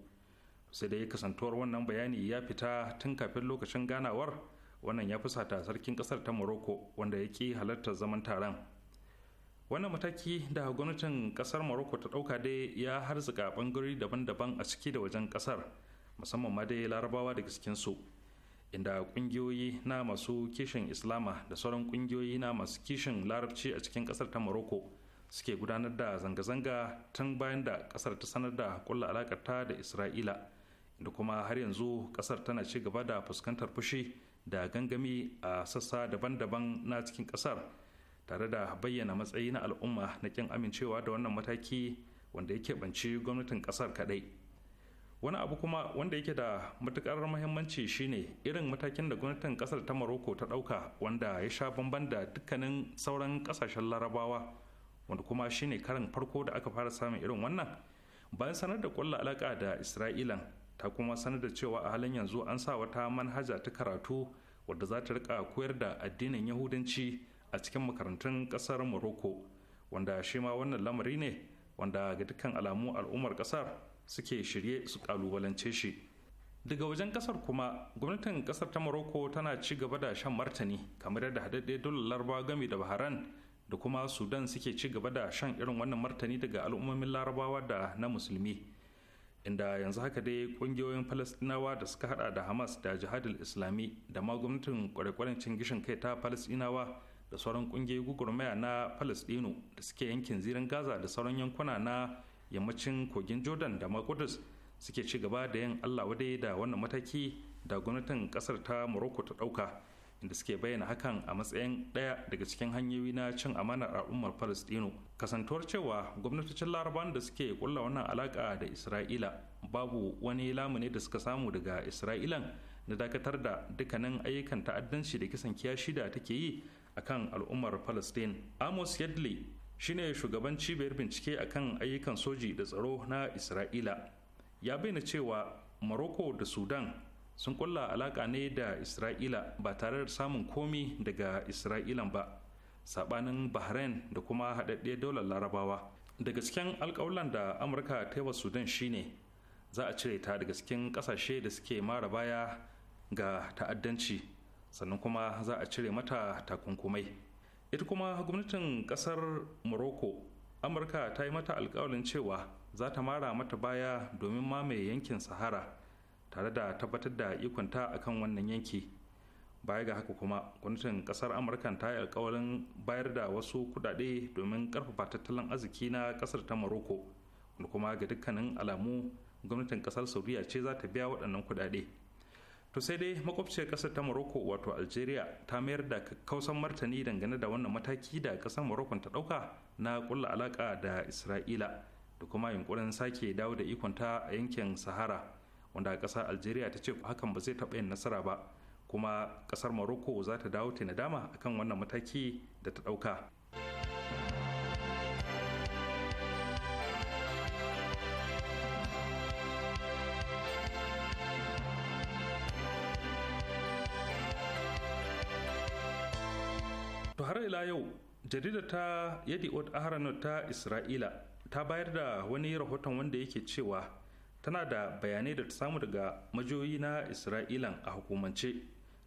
sai dai kasantuwar wannan bayani ya fita tun kafin lokacin ganawar wannan ya fusata sarkin ƙasar ta morocco wanda ya ki halartar zaman taron wannan mataki da gwamnatin ƙasar morocco ta ɗauka dai ya harzika ɓangarori daban-daban a ciki da wajen ƙasar musamman ma dai larabawa daga su inda ƙungiyoyi na masu kishin islama da sauran ƙungiyoyi na masu kishin larabci a cikin ƙasar ta morocco suke gudanar da zanga-zanga tun bayan da kasar ta sanar da kulla alakarta da isra'ila da kuma har yanzu kasar tana ci gaba da fuskantar fushi da gangami a sassa daban-daban na cikin kasar tare da bayyana matsayi na al'umma na kin amincewa da wannan mataki wanda ya banci gwamnatin kasar kaɗai wani abu kuma wanda yake da matukar mahimmanci shine irin matakin da gwamnatin kasar ta maroko ta ɗauka wanda ya sha bamban da dukkanin sauran ƙasashen larabawa wanda kuma shine karin farko da aka fara samun irin wannan bayan sanar da kwallo alaka da isra'ilan ta kuma sanar da cewa a halin yanzu an sa wata manhaja ta karatu wadda za ta rika koyar da addinin yahudanci a cikin makarantun kasar morocco wanda shi ma wannan lamari ne wanda ga dukkan alamu al'ummar ƙasar suke shirye su ƙalubalance shi daga wajen ƙasar kuma gwamnatin ƙasar ta morocco tana ci gaba da shan martani kamar yadda haɗaɗɗe dole larba gami da baharan da kuma sudan suke ci gaba da shan irin wannan martani daga al'ummomin larabawa da na musulmi inda yanzu haka dai kungiyoyin falastinawa da suka hada da hamas da jihadul islami da ma gwamnatin kwarekwaren cin gishin kai ta falastinawa da sauran kungiyoyi gugurmaya na falastino da suke yankin zirin gaza da sauran yankuna na yammacin kogin jordan da ma suke ci gaba da yin allah wadai da wannan mataki da gwamnatin kasar ta morocco ta dauka inda suke bayyana hakan a matsayin ɗaya daga cikin hanyoyi na cin amanar al'ummar palestino kasantuwar cewa gwamnatocin laraban da suke kulla wannan alaka da isra'ila babu wani lamuni da suka samu daga isra'ilan na dakatar da dukkanin ayyukan ta'addanci da kisan kiyashi da take yi akan al'ummar palestine amos yadley shine shugaban cibiyar bincike akan ayyukan soji da tsaro na isra'ila ya bayyana cewa maroko da sudan sun kulla alaka ne da isra'ila ba tare da samun komi daga isra'ilan ba sabanin bahrain da kuma haɗaɗɗiyar daular larabawa daga cikin alkawalan da amurka ta yi wa sudan shine za a cire ta daga cikin ƙasashe da suke mara baya ga ta'addanci sannan kuma za a cire mata takunkumai ita kuma gwamnatin ƙasar morocco amurka ta yi mata alkawalin cewa za ta mara mata baya domin mamaye yankin sahara tare da tabbatar da ikonta a kan wannan yanki baya ga haka kuma gwamnatin kasar amurka ta yi alkawarin bayar da wasu kudade domin karfafa tattalin arziki na kasar ta maroko wanda kuma ga dukkanin alamu gwamnatin kasar saudiya ce za ta biya waɗannan kudade to sai dai makwabciyar kasar ta maroko wato algeria ta mayar da kakkausan martani dangane da wannan mataki da kasar maroko ta ɗauka na kulla alaka da isra'ila da kuma yunkurin sake dawo da ikonta a yankin sahara wanda kasar algeria ta ce hakan ba zai taɓa yin nasara ba kuma kasar morocco za ta dawo ta nadama akan wannan mataki da ta ɗauka to har ila yau jaridar ta yadi ot ahranot ta isra'ila ta bayar da wani rahoton wanda yake cewa tana da bayanai da ta samu daga majoyi na isra'ilan a hukumance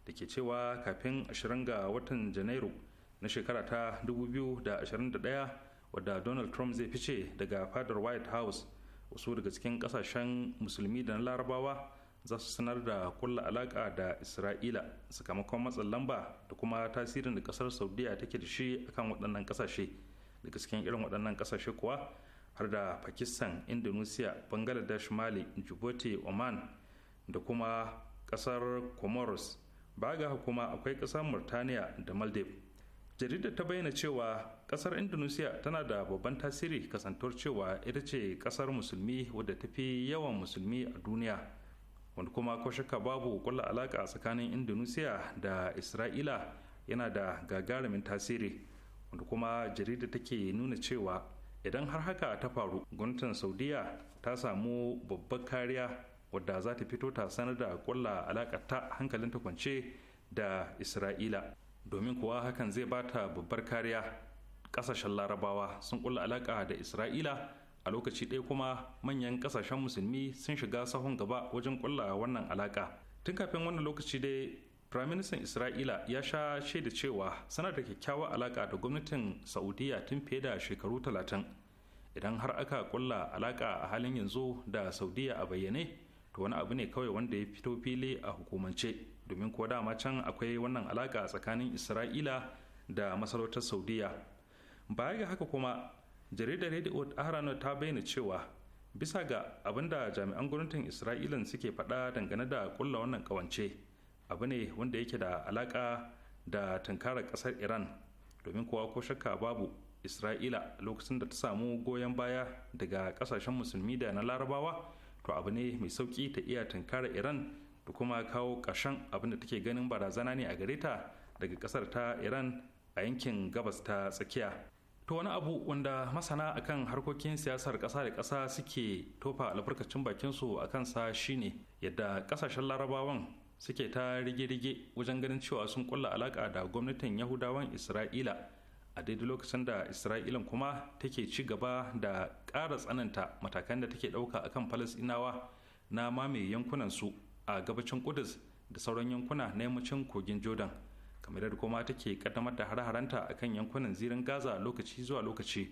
da ke cewa kafin 20 ga watan janairu na shekara ta 2021 wadda donald trump zai fice daga fadar white house wasu daga cikin kasashen musulmi da na larabawa za su sanar da kulla alaka da isra'ila sakamakon matsan lamba da kuma tasirin da kasar saudiya take da shi akan waɗannan kasashe daga cikin irin waɗannan kasashe kuwa har da pakistan indonesia bangladesh mali djibouti oman da kuma kasar comoros baga kuma akwai kasar murtaniya da maldives jaridar ta bayyana cewa kasar indonesia tana da babban tasiri kasantar cewa ita ce kasar musulmi wadda ta fi yawan musulmi a duniya wanda kuma ko shakka babu kulla alaka tsakanin indonesia da isra'ila yana da gagarumin tasiri wanda kuma jarida take nuna cewa idan har haka ta faru gwamnatin saudiya ta samu babbar kariya wadda za ta fito ta sanar da kwalla alaƙa ta hankalin ta kwance da isra'ila domin kuwa hakan zai ba ta babbar kariya ƙasashen larabawa sun kulla alaƙa da isra'ila a lokaci ɗaya kuma manyan ƙasashen musulmi sun shiga sahun gaba wajen kulla wannan alaƙa tun kafin wannan lokaci dai firaministan isra'ila ya sha shaida cewa suna da kyakkyawar alaka da gwamnatin saudiya tun fiye da shekaru talatin idan har aka kulla alaka a halin yanzu da saudiya a bayyane to wani abu ne kawai wanda ya fito fili a hukumance domin ko dama can akwai wannan alaka tsakanin isra'ila da masarautar saudiya baya ga haka kuma jaridar radio ahrano ta bayyana cewa bisa ga abin da jami'an gwamnatin isra'ilan suke faɗa dangane da kulla wannan kawance abu ne wanda yake da alaka da tunkarar kasar iran domin kowa ko shakka babu isra'ila lokacin da ta samu goyon baya daga kasashen musulmi da na larabawa to abu ne mai sauki ta iya tunkarar iran da kuma kawo ƙarshen abin da take ganin barazana ne a gare ta daga kasar ta iran a yankin gabas ta tsakiya to wani abu wanda masana akan harkokin siyasar ƙasa da ƙasa suke tofa albarkacin bakinsu a kansa shine yadda ƙasashen larabawan suke ta rige-rige wajen ganin cewa sun kulla alaka da gwamnatin yahudawan isra'ila a daidai lokacin da isra'ilan kuma take ci gaba da ƙara tsananta matakan da take ɗauka akan falasinawa na mamaye yankunan su a gabacin kudus da sauran yankuna na yammacin kogin jordan kamar yadda kuma take kaddamar da har-haranta akan yankunan zirin gaza lokaci zuwa lokaci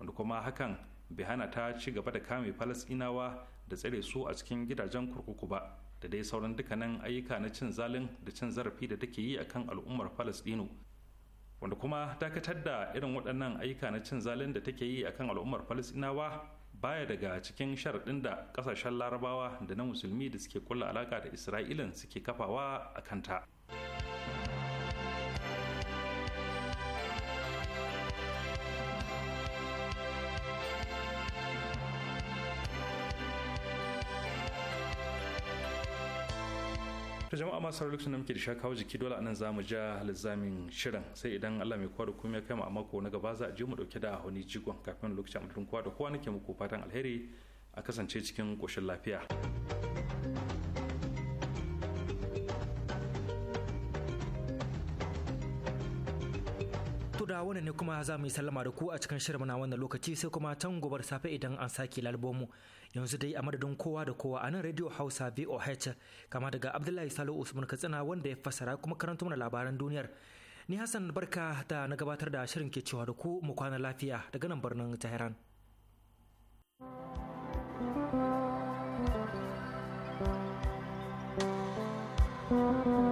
wanda kuma hakan bai hana ta ci gaba da kame falasinawa da tsare su a cikin gidajen kurkuku ba da dai sauran dukkanin ayyuka na cin zalin da cin zarafi da take yi akan al'ummar Falasɗinu wanda kuma dakatar da irin waɗannan ayyuka na cin zalin da take yi akan al'ummar falastinawa baya daga cikin sharaɗin da ƙasashen Larabawa da na Musulmi da suke kulla alaƙa da Isra'ilan suke kafawa a kanta. ta jama'a masu lokacin da muke da shaka hau jiki dole anan zamu ja lizamin shirin sai idan Allah mai kowa kuma ya kai mu a mako na gaba za a je mu dauke da wani jigon kafin lokacin amdun kwa da kowa nake muku fatan alheri a kasance cikin koshin lafiya. da wani ne kuma za mu yi sallama da ku a cikin shirin na wannan lokaci sai kuma can gobar safe idan an sake lalbomu yanzu dai a madadin kowa da kowa a nan radio hausa voh kama daga abdullahi salo usman katsina wanda ya fassara kuma karanta mana labaran duniyar ni hassan barka da na gabatar da shirin ke cewa da ku mu kwana lafiya daga nan birnin tehran thank you